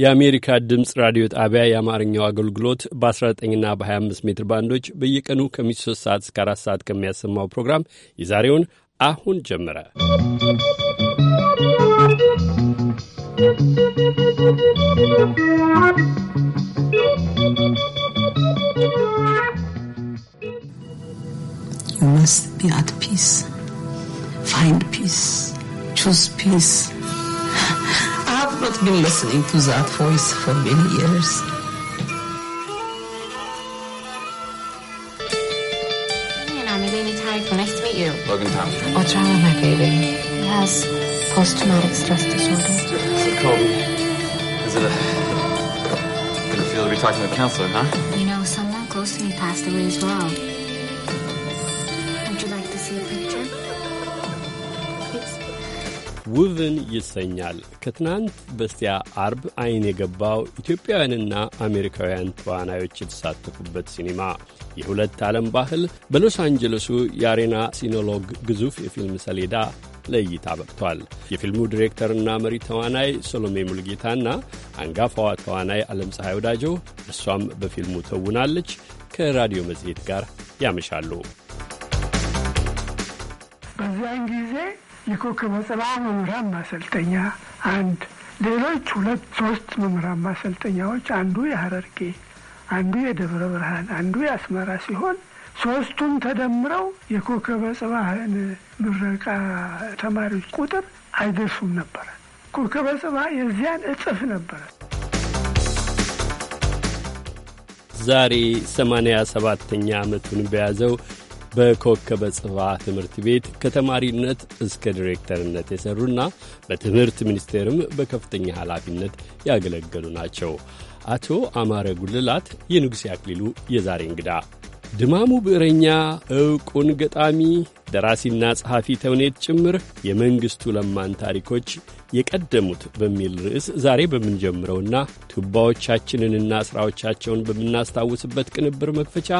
የአሜሪካ ድምፅ ራዲዮ ጣቢያ የአማርኛው አገልግሎት በ19ና በ25 ሜትር ባንዶች በየቀኑ ከምሽቱ 3 ሰዓት እስከ 4 ሰዓት ከሚያሰማው ፕሮግራም የዛሬውን አሁን ጀመረ። You must be at peace. Find peace. Choose peace. not been listening to that voice for many years. Nice to meet you. Logan Thompson. What's wrong with my baby? He has post-traumatic stress disorder. So, Kobe, is it a... Did feel to be talking to a counselor, huh? You know, someone close to me passed away as well. ውብን ይሰኛል። ከትናንት በስቲያ አርብ አይን የገባው ኢትዮጵያውያንና አሜሪካውያን ተዋናዮች የተሳተፉበት ሲኒማ የሁለት ዓለም ባህል በሎስ አንጀለሱ የአሬና ሲኖሎግ ግዙፍ የፊልም ሰሌዳ ለእይታ በቅቷል። የፊልሙ ዲሬክተርና መሪ ተዋናይ ሶሎሜ ሙልጌታና አንጋፋዋ ተዋናይ ዓለም ፀሐይ ወዳጆ እሷም በፊልሙ ተውናለች ከራዲዮ መጽሔት ጋር ያመሻሉ። በዚያን ጊዜ የኮከበ ጽባህ መምህራን ማሰልጠኛ አንድ፣ ሌሎች ሁለት ሶስት መምህራን ማሰልጠኛዎች አንዱ የሀረርጌ አንዱ የደብረ ብርሃን አንዱ የአስመራ ሲሆን ሶስቱም ተደምረው የኮከበ ጽባህን ምረቃ ተማሪዎች ቁጥር አይደርሱም ነበረ። ኮከበ ጽባህ የዚያን እጥፍ ነበረ። ዛሬ ሰማንያ ሰባተኛ ዓመቱን በያዘው በኮከበ ጽባ ትምህርት ቤት ከተማሪነት እስከ ዲሬክተርነት የሰሩና በትምህርት ሚኒስቴርም በከፍተኛ ኃላፊነት ያገለገሉ ናቸው። አቶ አማረ ጉልላት የንጉሴ አክሊሉ የዛሬ እንግዳ ድማሙ ብዕረኛ፣ ዕውቁን ገጣሚ ደራሲና ጸሐፊ ተውኔት ጭምር የመንግሥቱ ለማን ታሪኮች የቀደሙት በሚል ርዕስ ዛሬ በምንጀምረውና ቱባዎቻችንንና ሥራዎቻቸውን በምናስታውስበት ቅንብር መክፈቻ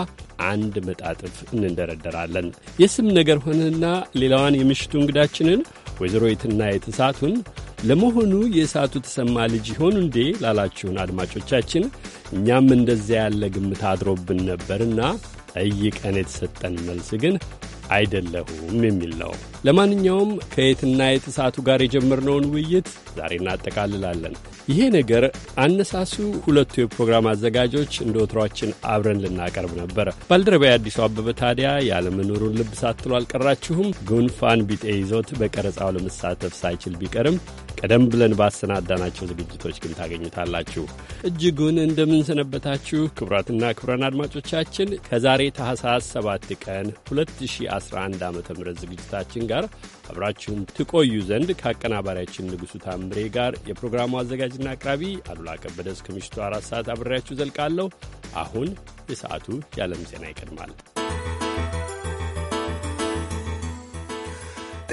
አንድ መጣጥፍ እንደረደራለን። የስም ነገር ሆነና ሌላዋን የምሽቱ እንግዳችንን ወይዘሮ የትና የተሳቱን ለመሆኑ የእሳቱ ተሰማ ልጅ ይሆን እንዴ ላላችሁን አድማጮቻችን እኛም እንደዚያ ያለ ግምት አድሮብን ነበርና ጠይቀን የተሰጠን መልስ ግን አይደለሁም የሚል ነው። ለማንኛውም ከየትና የተሳቱ ጋር የጀመርነውን ውይይት ዛሬ እናጠቃልላለን። ይሄ ነገር አነሳሱ ሁለቱ የፕሮግራም አዘጋጆች እንደ ወትሯችን አብረን ልናቀርብ ነበር። ባልደረባ የአዲሱ አበበ ታዲያ ያለመኖሩን ልብ ሳትሉ አልቀራችሁም። ጉንፋን ቢጤ ይዞት በቀረጻው ለመሳተፍ ሳይችል ቢቀርም ቀደም ብለን ባሰናዳናቸው ዝግጅቶች ግን ታገኙታላችሁ። እጅጉን እንደምንሰነበታችሁ ክቡራትና ክቡራን አድማጮቻችን ከዛሬ ታህሳስ 7 ቀን 2011 ዓ ም ዝግጅታችን ጋር አብራችሁን ትቆዩ ዘንድ ከአቀናባሪያችን ንጉሡ ታምሬ ጋር የፕሮግራሙ አዘጋጅና አቅራቢ አሉላ ከበደ እስከ ምሽቱ አራት ሰዓት አብሬያችሁ ዘልቃለሁ። አሁን የሰዓቱ የዓለም ዜና ይቀድማል።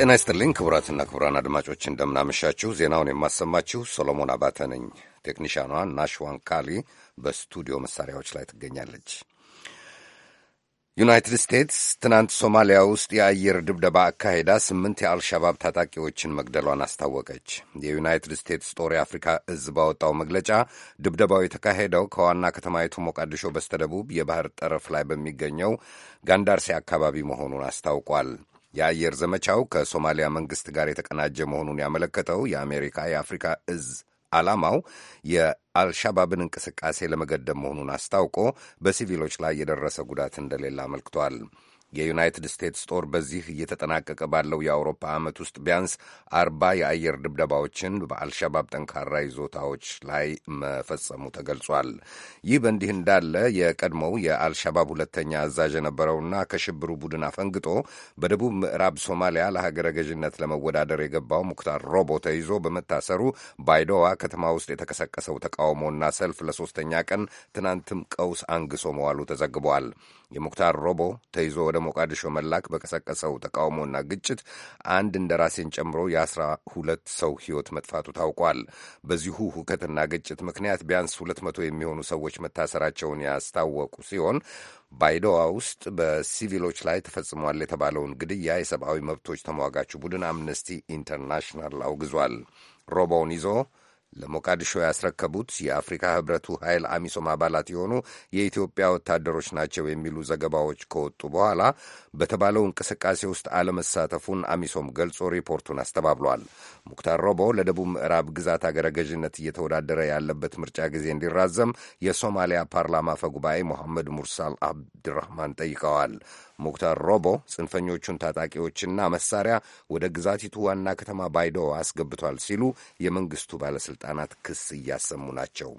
ጤና ይስጥልኝ ክቡራትና ክቡራን አድማጮች እንደምናመሻችሁ። ዜናውን የማሰማችሁ ሰሎሞን አባተ ነኝ። ቴክኒሻኗ ናሽዋን ካሊ በስቱዲዮ መሳሪያዎች ላይ ትገኛለች። ዩናይትድ ስቴትስ ትናንት ሶማሊያ ውስጥ የአየር ድብደባ አካሄዳ ስምንት የአልሻባብ ታጣቂዎችን መግደሏን አስታወቀች። የዩናይትድ ስቴትስ ጦር የአፍሪካ እዝ ባወጣው መግለጫ ድብደባው የተካሄደው ከዋና ከተማይቱ ሞቃዲሾ በስተደቡብ የባህር ጠረፍ ላይ በሚገኘው ጋንዳርሴ አካባቢ መሆኑን አስታውቋል። የአየር ዘመቻው ከሶማሊያ መንግስት ጋር የተቀናጀ መሆኑን ያመለከተው የአሜሪካ የአፍሪካ እዝ ዓላማው የአልሻባብን እንቅስቃሴ ለመገደብ መሆኑን አስታውቆ በሲቪሎች ላይ የደረሰ ጉዳት እንደሌለ አመልክቷል። የዩናይትድ ስቴትስ ጦር በዚህ እየተጠናቀቀ ባለው የአውሮፓ ዓመት ውስጥ ቢያንስ አርባ የአየር ድብደባዎችን በአልሻባብ ጠንካራ ይዞታዎች ላይ መፈጸሙ ተገልጿል። ይህ በእንዲህ እንዳለ የቀድሞው የአልሻባብ ሁለተኛ አዛዥ የነበረውና ከሽብሩ ቡድን አፈንግጦ በደቡብ ምዕራብ ሶማሊያ ለሀገረ ገዥነት ለመወዳደር የገባው ሙክታር ሮቦ ተይዞ በመታሰሩ ባይዶዋ ከተማ ውስጥ የተቀሰቀሰው ተቃውሞና ሰልፍ ለሶስተኛ ቀን ትናንትም ቀውስ አንግሶ መዋሉ ተዘግቧል። የሙክታር ሮቦ ተይዞ ወደ ሞቃዲሾ መላክ በቀሰቀሰው ተቃውሞና ግጭት አንድ እንደራሴን ጨምሮ የአስራ ሁለት ሰው ሕይወት መጥፋቱ ታውቋል። በዚሁ ሁከትና ግጭት ምክንያት ቢያንስ ሁለት መቶ የሚሆኑ ሰዎች መታሰራቸውን ያስታወቁ ሲሆን ባይዶዋ ውስጥ በሲቪሎች ላይ ተፈጽሟል የተባለውን ግድያ የሰብአዊ መብቶች ተሟጋቹ ቡድን አምነስቲ ኢንተርናሽናል አውግዟል። ሮቦውን ይዞ ለሞቃዲሾ ያስረከቡት የአፍሪካ ህብረቱ ኃይል አሚሶም አባላት የሆኑ የኢትዮጵያ ወታደሮች ናቸው የሚሉ ዘገባዎች ከወጡ በኋላ በተባለው እንቅስቃሴ ውስጥ አለመሳተፉን አሚሶም ገልጾ ሪፖርቱን አስተባብሏል። ሙክታር ሮቦ ለደቡብ ምዕራብ ግዛት አገረ ገዥነት እየተወዳደረ ያለበት ምርጫ ጊዜ እንዲራዘም የሶማሊያ ፓርላማ አፈ ጉባኤ ሞሐመድ ሙርሳል አብድራህማን ጠይቀዋል። ሙክታር ሮቦ ጽንፈኞቹን ታጣቂዎችና መሳሪያ ወደ ግዛቲቱ ዋና ከተማ ባይዶ አስገብቷል ሲሉ የመንግስቱ ባለሥልጣናት ክስ እያሰሙ ናቸው።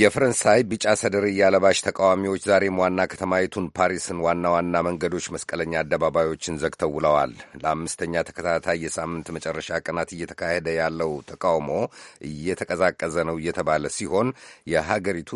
የፈረንሳይ ቢጫ ሰደርያ ለባሽ ተቃዋሚዎች ዛሬም ዋና ከተማይቱን ፓሪስን ዋና ዋና መንገዶች፣ መስቀለኛ አደባባዮችን ዘግተው ውለዋል። ለአምስተኛ ተከታታይ የሳምንት መጨረሻ ቀናት እየተካሄደ ያለው ተቃውሞ እየተቀዛቀዘ ነው እየተባለ ሲሆን የሀገሪቱ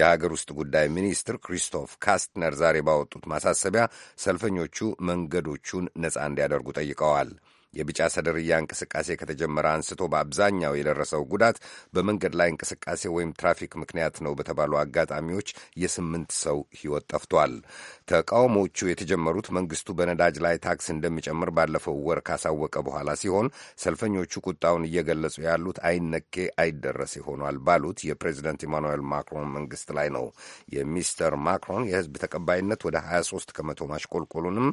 የሀገር ውስጥ ጉዳይ ሚኒስትር ክሪስቶፍ ካስትነር ዛሬ ባወጡት ማሳሰቢያ ሰልፈኞቹ መንገዶቹን ነጻ እንዲያደርጉ ጠይቀዋል። የቢጫ ሰደርያ እንቅስቃሴ ከተጀመረ አንስቶ በአብዛኛው የደረሰው ጉዳት በመንገድ ላይ እንቅስቃሴ ወይም ትራፊክ ምክንያት ነው በተባሉ አጋጣሚዎች የስምንት ሰው ሕይወት ጠፍቷል። ተቃውሞቹ የተጀመሩት መንግስቱ በነዳጅ ላይ ታክስ እንደሚጨምር ባለፈው ወር ካሳወቀ በኋላ ሲሆን ሰልፈኞቹ ቁጣውን እየገለጹ ያሉት አይነኬ አይደረስ ይሆኗል ባሉት የፕሬዚደንት ኢማኑኤል ማክሮን መንግስት ላይ ነው። የሚስተር ማክሮን የህዝብ ተቀባይነት ወደ 23 ከመቶ ማሽቆልቆሉንም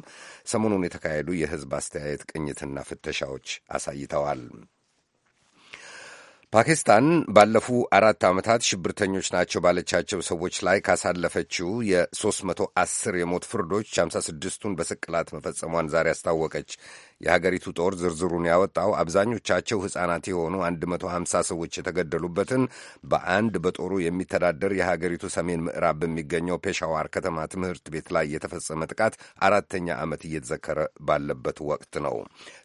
ሰሞኑን የተካሄዱ የህዝብ አስተያየት ቅኝትና ፍተሻዎች አሳይተዋል። ፓኪስታን ባለፉ አራት ዓመታት ሽብርተኞች ናቸው ባለቻቸው ሰዎች ላይ ካሳለፈችው የ310 የሞት ፍርዶች 56ቱን በስቅላት መፈጸሟን ዛሬ አስታወቀች። የሀገሪቱ ጦር ዝርዝሩን ያወጣው አብዛኞቻቸው ሕፃናት የሆኑ 150 ሰዎች የተገደሉበትን በአንድ በጦሩ የሚተዳደር የሀገሪቱ ሰሜን ምዕራብ በሚገኘው ፔሻዋር ከተማ ትምህርት ቤት ላይ የተፈጸመ ጥቃት አራተኛ ዓመት እየተዘከረ ባለበት ወቅት ነው።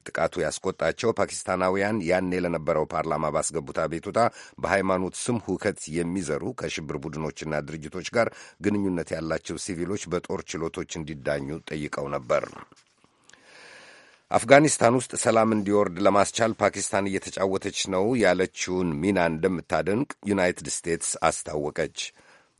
ጥቃቱ ያስቆጣቸው ፓኪስታናውያን ያኔ ለነበረው ፓርላማ ባስገቡት አቤቱታ በሃይማኖት ስም ሁከት የሚዘሩ ከሽብር ቡድኖችና ድርጅቶች ጋር ግንኙነት ያላቸው ሲቪሎች በጦር ችሎቶች እንዲዳኙ ጠይቀው ነበር። አፍጋኒስታን ውስጥ ሰላም እንዲወርድ ለማስቻል ፓኪስታን እየተጫወተች ነው ያለችውን ሚና እንደምታደንቅ ዩናይትድ ስቴትስ አስታወቀች።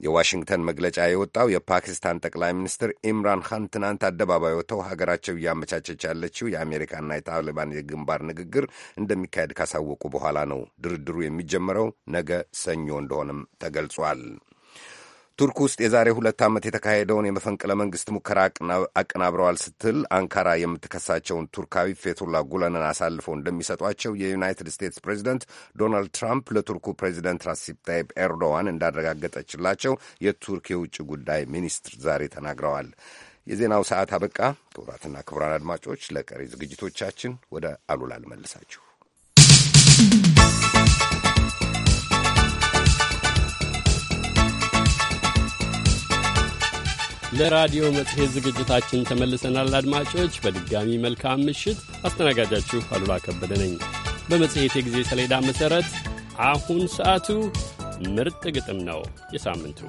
የዋሽንግተን መግለጫ የወጣው የፓኪስታን ጠቅላይ ሚኒስትር ኢምራን ኻን ትናንት አደባባይ ወጥተው ሀገራቸው እያመቻቸች ያለችው የአሜሪካና የታሊባን የግንባር ንግግር እንደሚካሄድ ካሳወቁ በኋላ ነው። ድርድሩ የሚጀመረው ነገ ሰኞ እንደሆነም ተገልጿል። ቱርክ ውስጥ የዛሬ ሁለት ዓመት የተካሄደውን የመፈንቅለ መንግሥት ሙከራ አቀናብረዋል ስትል አንካራ የምትከሳቸውን ቱርካዊ ፌቱላ ጉለንን አሳልፈው እንደሚሰጧቸው የዩናይትድ ስቴትስ ፕሬዚደንት ዶናልድ ትራምፕ ለቱርኩ ፕሬዚደንት ራሲፕ ታይፕ ኤርዶዋን እንዳረጋገጠችላቸው የቱርክ የውጭ ጉዳይ ሚኒስትር ዛሬ ተናግረዋል። የዜናው ሰዓት አበቃ። ክቡራትና ክቡራን አድማጮች ለቀሪ ዝግጅቶቻችን ወደ አሉላ ልመልሳችሁ። ለራዲዮ መጽሔት ዝግጅታችን ተመልሰናል። አድማጮች በድጋሚ መልካም ምሽት። አስተናጋጃችሁ አሉላ ከበደ ነኝ። በመጽሔት የጊዜ ሰሌዳ መሠረት አሁን ሰዓቱ ምርጥ ግጥም ነው። የሳምንቱ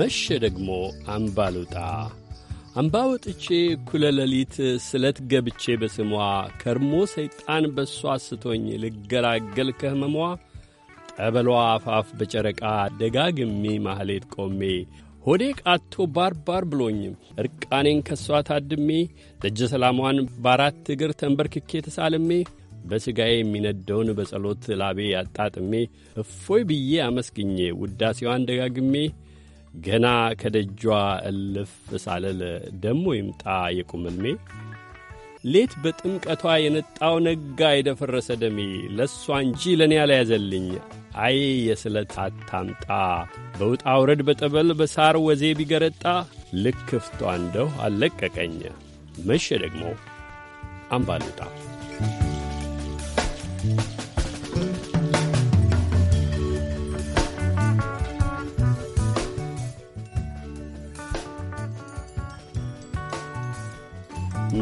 መሸ ደግሞ አምባሉጣ አምባ ወጥቼ እኩለ ሌሊት ስለት ገብቼ በስሟ ከርሞ ሰይጣን በሷ አስቶኝ ልገላገል ከህመሟ ጠበሏ አፋፍ በጨረቃ ደጋግሜ ማህሌት ቆሜ ሆዴ ቃቶ ባርባር ብሎኝም ዕርቃኔን ከሷ ታድሜ ደጀ ሰላሟን በአራት እግር ተንበርክኬ ተሳልሜ በሥጋዬ የሚነደውን በጸሎት ላቤ ያጣጥሜ እፎይ ብዬ አመስግኜ ውዳሴዋን ደጋግሜ ገና ከደጇ እልፍ ሳልል ደሞ ይምጣ የቁም ሌት በጥምቀቷ የነጣው ነጋ የደፈረሰ ደሜ ለእሷ እንጂ ለእኔ አልያዘልኝ። አይ የስለት አታምጣ በውጣ ውረድ በጠበል በሳር ወዜ ቢገረጣ ልክፍቷ እንደሁ አልለቀቀኝ። መሸ ደግሞ አምባልጣ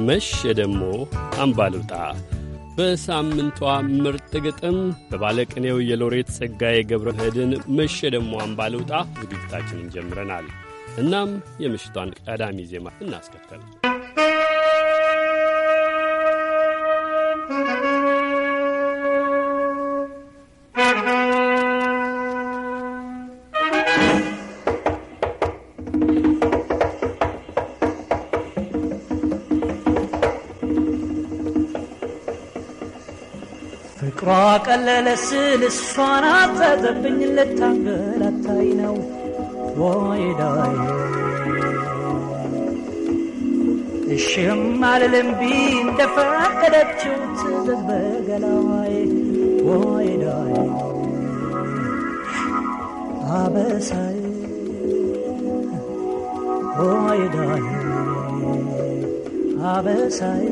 መሸ ደሞ አምባልውጣ በሳምንቷ ምርጥ ግጥም በባለቅኔው የሎሬት ጸጋዬ ገብረ መድኅን መሸ ደሞ አምባልውጣ ዝግጅታችንን ጀምረናል። እናም የምሽቷን ቀዳሚ ዜማ እናስከተል። ቀለለ ስል እሷን አጠገብኝ ልታንገላታይ ነው ወይዳይ እሽም አልልም ቢ እንደፈቀደችው ትዘዝ በገላዋይ ወይዳይ አበሳይ ወይዳይ አበሳይ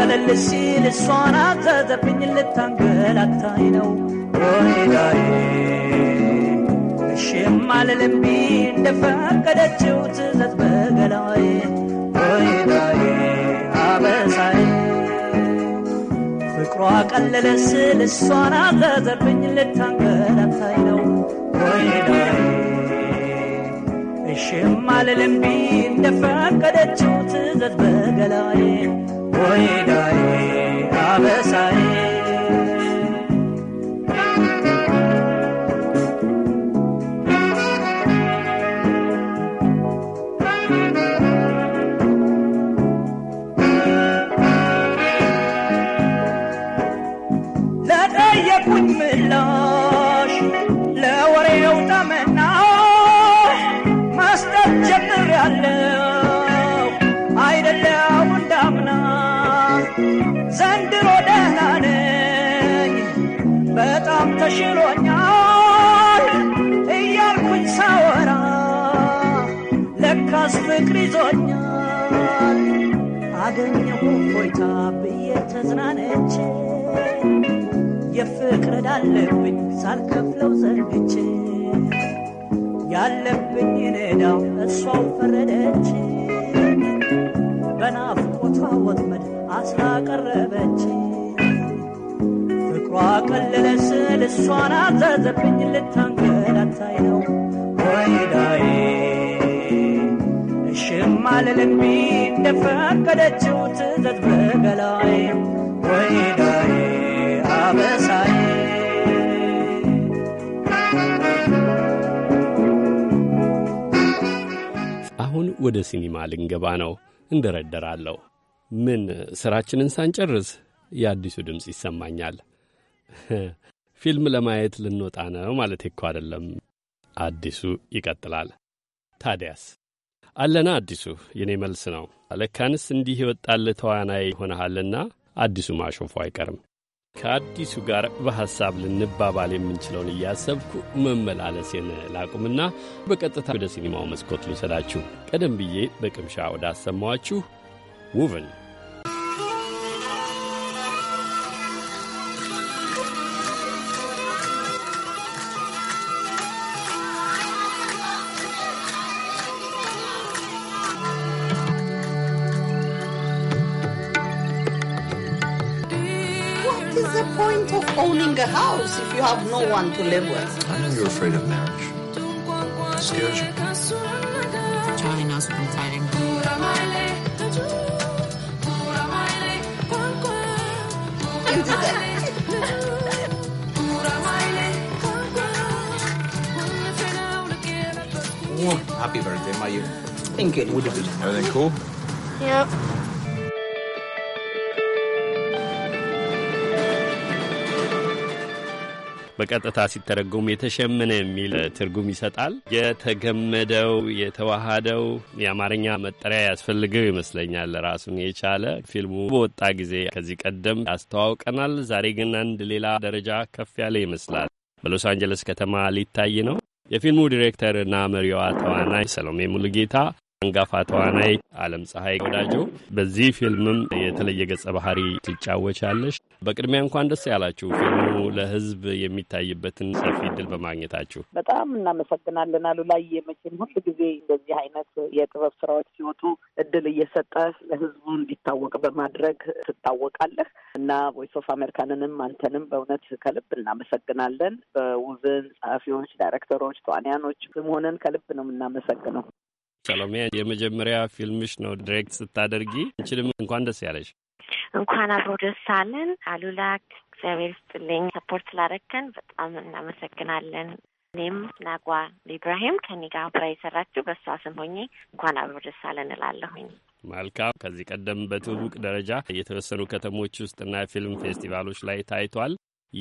ቀለል ሲል እሷን አዘዘብኝ ልታንገላታይ ነው ወይዳዬ እሺም እንደፈቀደችው ትዘት በገላዬ ወይዳዬ አበሳዬ ፍቅሯ ቀለለ ስል እሷን አዘዘብኝ ልታንገላታይ ነው ወይዳዬ እሺም አልልምቢ እንደፈቀደችው ትዘት በገላዬ ወይ ዳዬ አበሳዬ ዘንድሮ ደህና ነኝ በጣም ተሽሎኛል እያልኩኝ ሳወራ ለካስ ፍቅር ይዞኛል አገኘሁ ሆይታ ብዬ ተዝናነች የፍቅር ዳለብኝ ሳልከፍለው ዘርግቼ ያለብኝ ነዳው እሷው ፈረደች በናፍቆቷ ወጥመድ አስላቀረበች ፍቅሯ ቀለለ ስል እሷን አዘዘብኝ ልታንገላታይ ነው ወይዳዬ እሽም አልልቢ እንደፈቀደችው ትዘት በገላዬ ወይዳዬ አበሳዬ አሁን ወደ ሲኒማ ልንገባ ነው። እንደረደራለሁ። ምን ሥራችንን ሳንጨርስ የአዲሱ ድምፅ ይሰማኛል። ፊልም ለማየት ልንወጣ ነው ማለት እኮ አይደለም። አዲሱ ይቀጥላል። ታዲያስ አለና አዲሱ የኔ መልስ ነው። ለካንስ እንዲህ የወጣልህ ተዋናይ ሆነሃልና አዲሱ ማሾፉ አይቀርም። ከአዲሱ ጋር በሐሳብ ልንባባል የምንችለውን እያሰብኩ መመላለሴን ላቁምና በቀጥታ ወደ ሲኒማው መስኮት ልውሰዳችሁ። ቀደም ብዬ በቅምሻ ወዳሰማኋችሁ ውብን house if you have no one to live with. I know you're afraid of marriage. It scares you. Charlie knows what I'm fighting. Happy birthday, Mayu. Thank you. Everything cool? Yep. በቀጥታ ሲተረጎም የተሸመነ የሚል ትርጉም ይሰጣል። የተገመደው የተዋሃደው የአማርኛ መጠሪያ ያስፈልገው ይመስለኛል። ራሱን የቻለ ፊልሙ በወጣ ጊዜ ከዚህ ቀደም አስተዋውቀናል። ዛሬ ግን አንድ ሌላ ደረጃ ከፍ ያለ ይመስላል። በሎስ አንጀለስ ከተማ ሊታይ ነው። የፊልሙ ዲሬክተርና መሪዋ ተዋናይ ሰሎሜ ሙሉጌታ አንጋፋ ተዋናይ አለም ፀሐይ ወዳጆ በዚህ ፊልምም የተለየ ገጸ ባህሪ ትጫወቻለሽ። በቅድሚያ እንኳን ደስ ያላችሁ ፊልሙ ለህዝብ የሚታይበትን ሰፊ እድል በማግኘታችሁ በጣም እናመሰግናለን። አሉላዬ መቼም ሁሉ ጊዜ እንደዚህ አይነት የጥበብ ስራዎች ሲወጡ እድል እየሰጠ ለህዝቡ እንዲታወቅ በማድረግ ትታወቃለህ እና ቮይስ ኦፍ አሜሪካንንም አንተንም በእውነት ከልብ እናመሰግናለን። በውብን ጸሐፊዎች፣ ዳይሬክተሮች፣ ተዋንያኖች ስም ሆነን ከልብ ነው የምናመሰግነው። ሰሎሜ የመጀመሪያ ፊልምሽ ነው ዲሬክት ስታደርጊ። እንችልም እንኳን ደስ ያለሽ። እንኳን አብሮ ደስ አለን። አሉላ እግዚአብሔር ስጥልኝ፣ ሰፖርት ስላደረግከን በጣም እናመሰግናለን። እኔም ናጓ ኢብራሂም ከኔ ጋር አብራ የሰራችው በእሷ ስም ሆኜ እንኳን አብሮ ደስ አለን እላለሁኝ። መልካም። ከዚህ ቀደም በትውውቅ ደረጃ የተወሰኑ ከተሞች ውስጥና ፊልም ፌስቲቫሎች ላይ ታይቷል።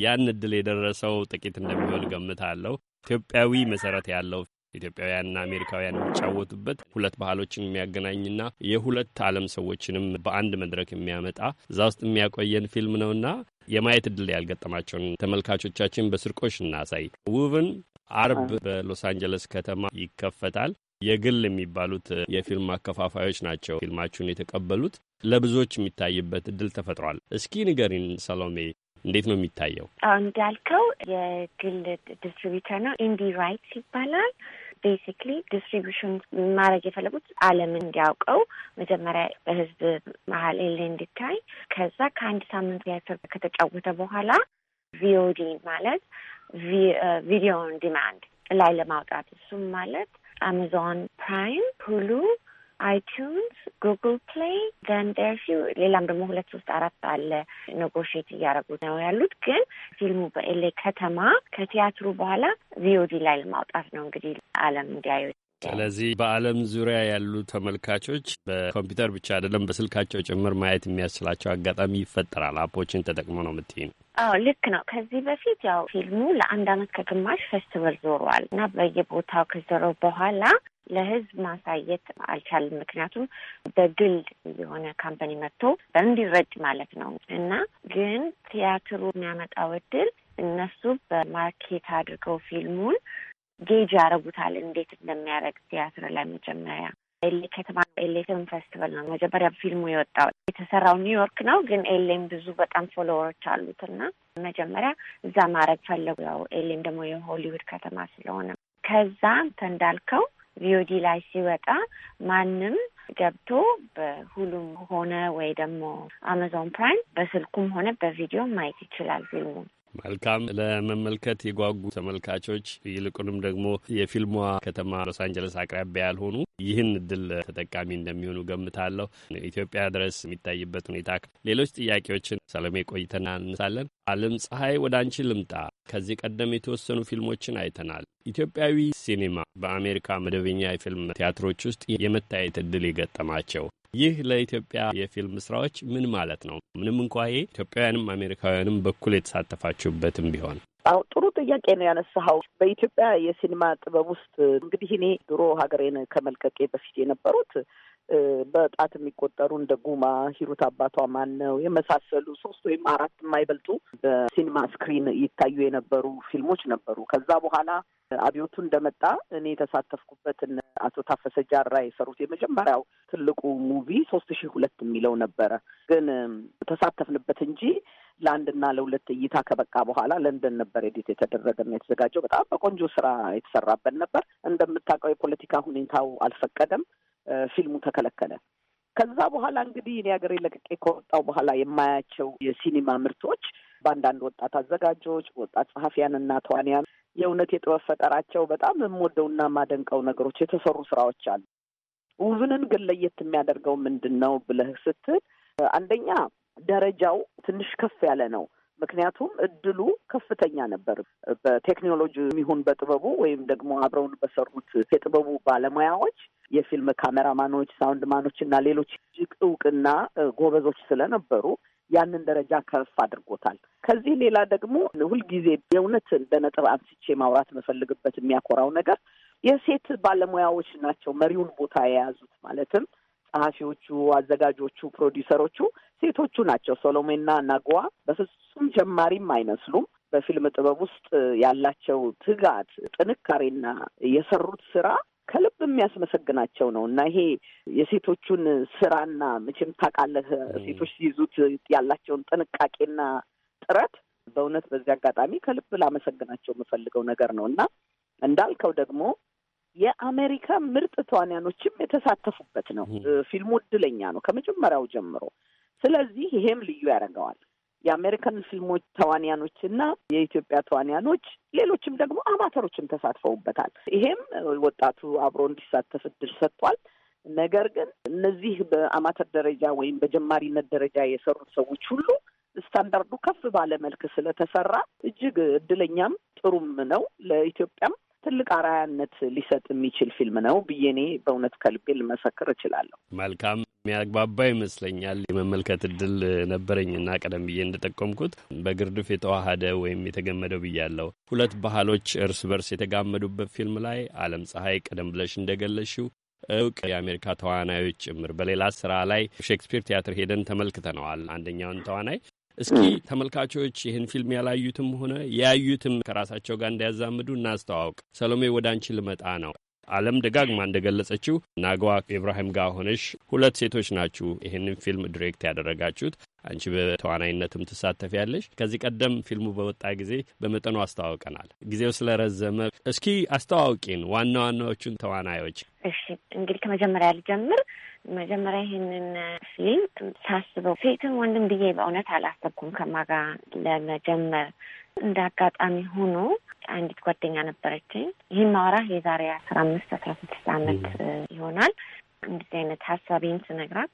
ያን እድል የደረሰው ጥቂት እንደሚሆን ገምታለሁ። ኢትዮጵያዊ መሰረት ያለው ኢትዮጵያውያንና አሜሪካውያን የሚጫወቱበት ሁለት ባህሎችን የሚያገናኝና የሁለት ዓለም ሰዎችንም በአንድ መድረክ የሚያመጣ እዛ ውስጥ የሚያቆየን ፊልም ነውና የማየት እድል ያልገጠማቸውን ተመልካቾቻችን በስርቆሽ እናሳይ። ውብን አርብ በሎስ አንጀለስ ከተማ ይከፈታል። የግል የሚባሉት የፊልም አከፋፋዮች ናቸው ፊልማችሁን የተቀበሉት። ለብዙዎች የሚታይበት እድል ተፈጥሯል። እስኪ ንገሪን ሰሎሜ፣ እንዴት ነው የሚታየው? እንዳልከው የግል ዲስትሪቢተር ነው። ኢንዲ ራይትስ ይባላል። ቤሲክሊ ዲስትሪቢሽን ማድረግ የፈለጉት ዓለም እንዲያውቀው መጀመሪያ በህዝብ መሀል ኤሌ እንዲታይ ከዛ ከአንድ ሳምንት ቲያትር ከተጫወተ በኋላ ቪኦዲ ማለት ቪዲዮ ኦን ዲማንድ ላይ ለማውጣት እሱም ማለት አማዞን ፕራይም፣ ሁሉ አይቲዩንስ፣ ጉግል ፕሌይ ዘን ደርፊው ሌላም ደግሞ ሁለት ሶስት አራት አለ። ኔጎሽት እያደረጉ ነው ያሉት። ግን ፊልሙ በኤሌ ከተማ ከቲያትሩ በኋላ ቪኦዲ ላይ ለማውጣት ነው እንግዲህ አለም እንዲያዩ ስለዚህ በዓለም ዙሪያ ያሉ ተመልካቾች በኮምፒውተር ብቻ አይደለም በስልካቸው ጭምር ማየት የሚያስችላቸው አጋጣሚ ይፈጠራል። አፖችን ተጠቅሞ ነው የምትይኝ? አዎ ልክ ነው። ከዚህ በፊት ያው ፊልሙ ለአንድ አመት ከግማሽ ፌስቲቫል ዞሯል እና በየቦታው ከዞረው በኋላ ለህዝብ ማሳየት አልቻልም። ምክንያቱም በግል የሆነ ካምፓኒ መጥቶ እንዲረጭ ማለት ነው እና ግን ቲያትሩ የሚያመጣው እድል እነሱ በማርኬት አድርገው ፊልሙን ጌጅ ያደረጉታል እንዴት እንደሚያደርግ ቲያትር ላይ መጀመሪያ ኤሌ ከተማ ኤሌ ፊልም ፌስቲቫል ነው መጀመሪያ ፊልሙ የወጣው። የተሰራው ኒውዮርክ ነው፣ ግን ኤሌም ብዙ በጣም ፎሎወሮች አሉት እና መጀመሪያ እዛ ማድረግ ፈለጉ። ያው ኤሌም ደግሞ የሆሊውድ ከተማ ስለሆነ ከዛ አንተ እንዳልከው ቪኦዲ ላይ ሲወጣ ማንም ገብቶ በሁሉም ሆነ ወይ ደግሞ አማዞን ፕራይም በስልኩም ሆነ በቪዲዮ ማየት ይችላል ፊልሙን። መልካም ለመመልከት የጓጉ ተመልካቾች ይልቁንም ደግሞ የፊልሟ ከተማ ሎስ አንጀለስ አቅራቢያ ያልሆኑ ይህን እድል ተጠቃሚ እንደሚሆኑ ገምታለሁ። ኢትዮጵያ ድረስ የሚታይበት ሁኔታ ሌሎች ጥያቄዎችን ሰለሜ ቆይተና እንሳለን። አለም ፀሐይ ወደ አንቺ ልምጣ። ከዚህ ቀደም የተወሰኑ ፊልሞችን አይተናል። ኢትዮጵያዊ ሲኔማ በአሜሪካ መደበኛ የፊልም ቲያትሮች ውስጥ የመታየት እድል የገጠማቸው ይህ ለኢትዮጵያ የፊልም ስራዎች ምን ማለት ነው? ምንም እንኳ ይሄ ኢትዮጵያውያንም አሜሪካውያንም በኩል የተሳተፋችሁበትም ቢሆን አዎ ጥሩ ጥያቄ ነው ያነሳኸው። በኢትዮጵያ የሲኒማ ጥበብ ውስጥ እንግዲህ እኔ ድሮ ሀገሬን ከመልቀቄ በፊት የነበሩት በጣት የሚቆጠሩ እንደ ጉማ፣ ሂሩት አባቷ ማን ነው የመሳሰሉ ሶስት ወይም አራት የማይበልጡ በሲኒማ ስክሪን ይታዩ የነበሩ ፊልሞች ነበሩ። ከዛ በኋላ አብዮቱ እንደመጣ እኔ የተሳተፍኩበትን አቶ ታፈሰ ጃራ የሰሩት የመጀመሪያው ትልቁ ሙቪ ሶስት ሺህ ሁለት የሚለው ነበረ። ግን ተሳተፍንበት እንጂ ለአንድና ለሁለት እይታ ከበቃ በኋላ ለንደን ነበር ኤዲት የተደረገና የተዘጋጀው። በጣም በቆንጆ ስራ የተሰራበት ነበር። እንደምታውቀው የፖለቲካ ሁኔታው አልፈቀደም። ፊልሙ ተከለከለ። ከዛ በኋላ እንግዲህ እኔ ሀገሬ ለቅቄ ከወጣው በኋላ የማያቸው የሲኒማ ምርቶች በአንዳንድ ወጣት አዘጋጆች፣ ወጣት ጸሐፊያንና ተዋንያን የእውነት የጥበብ ፈጠራቸው በጣም የምወደውና ማደንቀው ነገሮች የተሰሩ ስራዎች አሉ። ውብንን ግን ለየት የሚያደርገው ምንድን ነው ብለህ ስትል አንደኛ ደረጃው ትንሽ ከፍ ያለ ነው። ምክንያቱም እድሉ ከፍተኛ ነበር። በቴክኖሎጂ የሚሆን በጥበቡ ወይም ደግሞ አብረውን በሰሩት የጥበቡ ባለሙያዎች የፊልም ካሜራማኖች፣ ሳውንድ ማኖች እና ሌሎች እጅግ እውቅና ጎበዞች ስለነበሩ ያንን ደረጃ ከፍ አድርጎታል። ከዚህ ሌላ ደግሞ ሁልጊዜ የእውነት እንደ ነጥብ አንስቼ ማውራት መፈልግበት የሚያኮራው ነገር የሴት ባለሙያዎች ናቸው መሪውን ቦታ የያዙት ማለትም ጸሐፊዎቹ፣ አዘጋጆቹ፣ ፕሮዲውሰሮቹ ሴቶቹ ናቸው። ሶሎሜና ናጓ በፍጹም ጀማሪም አይመስሉም። በፊልም ጥበብ ውስጥ ያላቸው ትጋት፣ ጥንካሬና የሰሩት ስራ ከልብ የሚያስመሰግናቸው ነው እና ይሄ የሴቶቹን ስራና መቼም ታውቃለህ ሴቶች ሲይዙት ያላቸውን ጥንቃቄና ጥረት በእውነት በዚህ አጋጣሚ ከልብ ላመሰግናቸው የምፈልገው ነገር ነው እና እንዳልከው ደግሞ የአሜሪካ ምርጥ ተዋንያኖችም የተሳተፉበት ነው። ፊልሙ እድለኛ ነው ከመጀመሪያው ጀምሮ ስለዚህ ይሄም ልዩ ያደርገዋል። የአሜሪካን ፊልሞች ተዋንያኖችና የኢትዮጵያ ተዋንያኖች ሌሎችም ደግሞ አማተሮችም ተሳትፈውበታል። ይሄም ወጣቱ አብሮ እንዲሳተፍ እድል ሰጥቷል። ነገር ግን እነዚህ በአማተር ደረጃ ወይም በጀማሪነት ደረጃ የሰሩት ሰዎች ሁሉ ስታንዳርዱ ከፍ ባለ መልክ ስለተሰራ እጅግ እድለኛም ጥሩም ነው ለኢትዮጵያም ትልቅ አራያነት ሊሰጥ የሚችል ፊልም ነው ብዬ እኔ በእውነት ከልቤ ልመሰክር እችላለሁ። መልካም የሚያግባባ ይመስለኛል። የመመልከት እድል ነበረኝ ቀደም ብዬ እንደጠቆምኩት በግርድፍ የተዋሃደ ወይም የተገመደው ብያለሁ። ሁለት ባህሎች እርስ በርስ የተጋመዱበት ፊልም ላይ አለም ፀሐይ ቀደም ብለሽ እንደገለሽው እውቅ የአሜሪካ ተዋናዮች ጭምር በሌላ ስራ ላይ ሼክስፒር ቲያትር ሄደን ተመልክተነዋል። አንደኛውን ተዋናይ እስኪ ተመልካቾች ይህን ፊልም ያላዩትም ሆነ ያዩትም ከራሳቸው ጋር እንዳያዛምዱ እናስተዋውቅ። ሰሎሜ ወደ አንቺ ልመጣ ነው። አለም ደጋግማ እንደገለጸችው ናጓ ኢብራሂም ጋር ሆነሽ ሁለት ሴቶች ናችሁ ይህንን ፊልም ዲሬክት ያደረጋችሁት። አንቺ በተዋናይነትም ያለሽ። ከዚህ ቀደም ፊልሙ በወጣ ጊዜ በመጠኑ አስተዋውቀናል። ጊዜው ስለረዘመ እስኪ አስተዋውቂን ዋና ዋናዎቹን ተዋናዮች። እሺ እንግዲህ ከመጀመሪያ ልጀምር። መጀመሪያ ይህንን ፊልም ሳስበው ሴትም ወንድም ብዬ በእውነት አላሰብኩም። ከማጋ ለመጀመር እንደ አጋጣሚ ሆኖ አንዲት ጓደኛ ነበረችኝ። ይህን ማውራ የዛሬ አስራ አምስት አስራ ስድስት አመት ይሆናል። እንደዚህ አይነት ሀሳቤን ስነግራት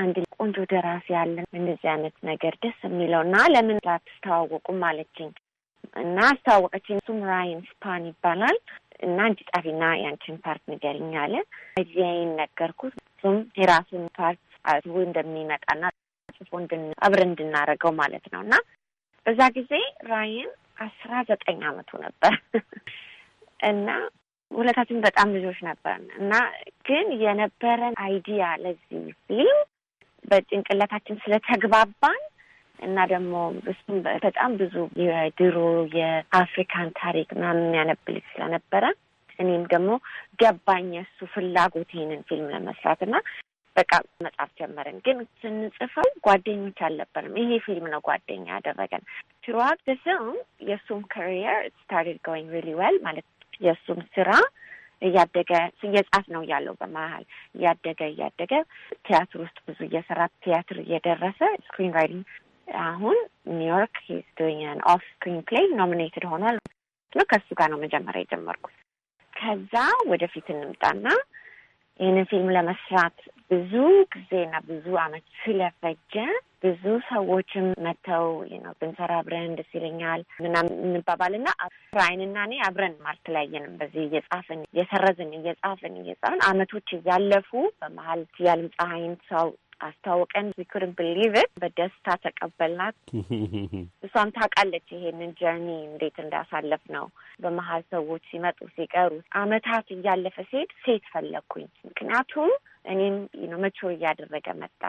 አንድ ቆንጆ ደራሲ ያለ እንደዚህ አይነት ነገር ደስ የሚለው እና ለምን ላትስተዋወቁም አለችኝ እና አስተዋወቀችኝ። እሱም ራይን ስፓን ይባላል እና አንቺ ጻፊና የአንቺን ፓርት ንገሪኝ አለ። ይን ነገርኩት። እሱም የራሱን ፓርት አስቦ እንደሚመጣና ጽፎ አብረን እንድናደርገው ማለት ነው እና በዛ ጊዜ ራይን አስራ ዘጠኝ አመቱ ነበር እና ሁለታችን በጣም ልጆች ነበርን እና ግን የነበረን አይዲያ ለዚህ ፊልም በጭንቅላታችን ስለተግባባን እና ደግሞ እሱም በጣም ብዙ የድሮ የአፍሪካን ታሪክ ምናምን የሚያነብልኝ ስለነበረ እኔም ደግሞ ገባኝ እሱ ፍላጎት ይህንን ፊልም ለመስራት እና በቃ መጽሐፍ ጀመርን። ግን ስንጽፈው ጓደኞች አልነበርም። ይሄ ፊልም ነው ጓደኛ ያደረገን። ትሩዋት ደስም የእሱም ካሪየር ስታርትድ ጎይንግ ሪሊ ዌል ማለት የእሱም ስራ እያደገ እየጻፍ ነው ያለው በመሀል እያደገ እያደገ ቲያትር ውስጥ ብዙ እየሰራ ቲያትር እየደረሰ ስክሪን ራይቲንግ አሁን ኒውዮርክ ሂዝ ዱዊንግ ኦፍ ስክሪን ፕሌይ ኖሚኔትድ ሆኗል። ከሱ ጋር ነው መጀመሪያ የጀመርኩት። ከዛ ወደፊት እንምጣና ይህንን ፊልም ለመስራት ብዙ ጊዜና ብዙ አመት ስለፈጀ ብዙ ሰዎችም መተው ነው ብንሰራ አብረን ደስ ይለኛል ምናምን እንባባልና ራይንና እኔ አብረን አልተለያየንም። በዚህ እየጻፍን እየሰረዝን እየጻፍን እየጻፍን አመቶች እያለፉ በመሀል ያልም ፀሐይን ሰው አስተዋወቀን። ብሊቭ ብሊቭት በደስታ ተቀበልናት። እሷም ታውቃለች ይሄንን ጀርኒ እንዴት እንዳሳለፍ ነው። በመሀል ሰዎች ሲመጡ ሲቀሩ አመታት እያለፈ ሲሄድ ሴት ፈለግኩኝ። ምክንያቱም እኔም መቾ እያደረገ መጣ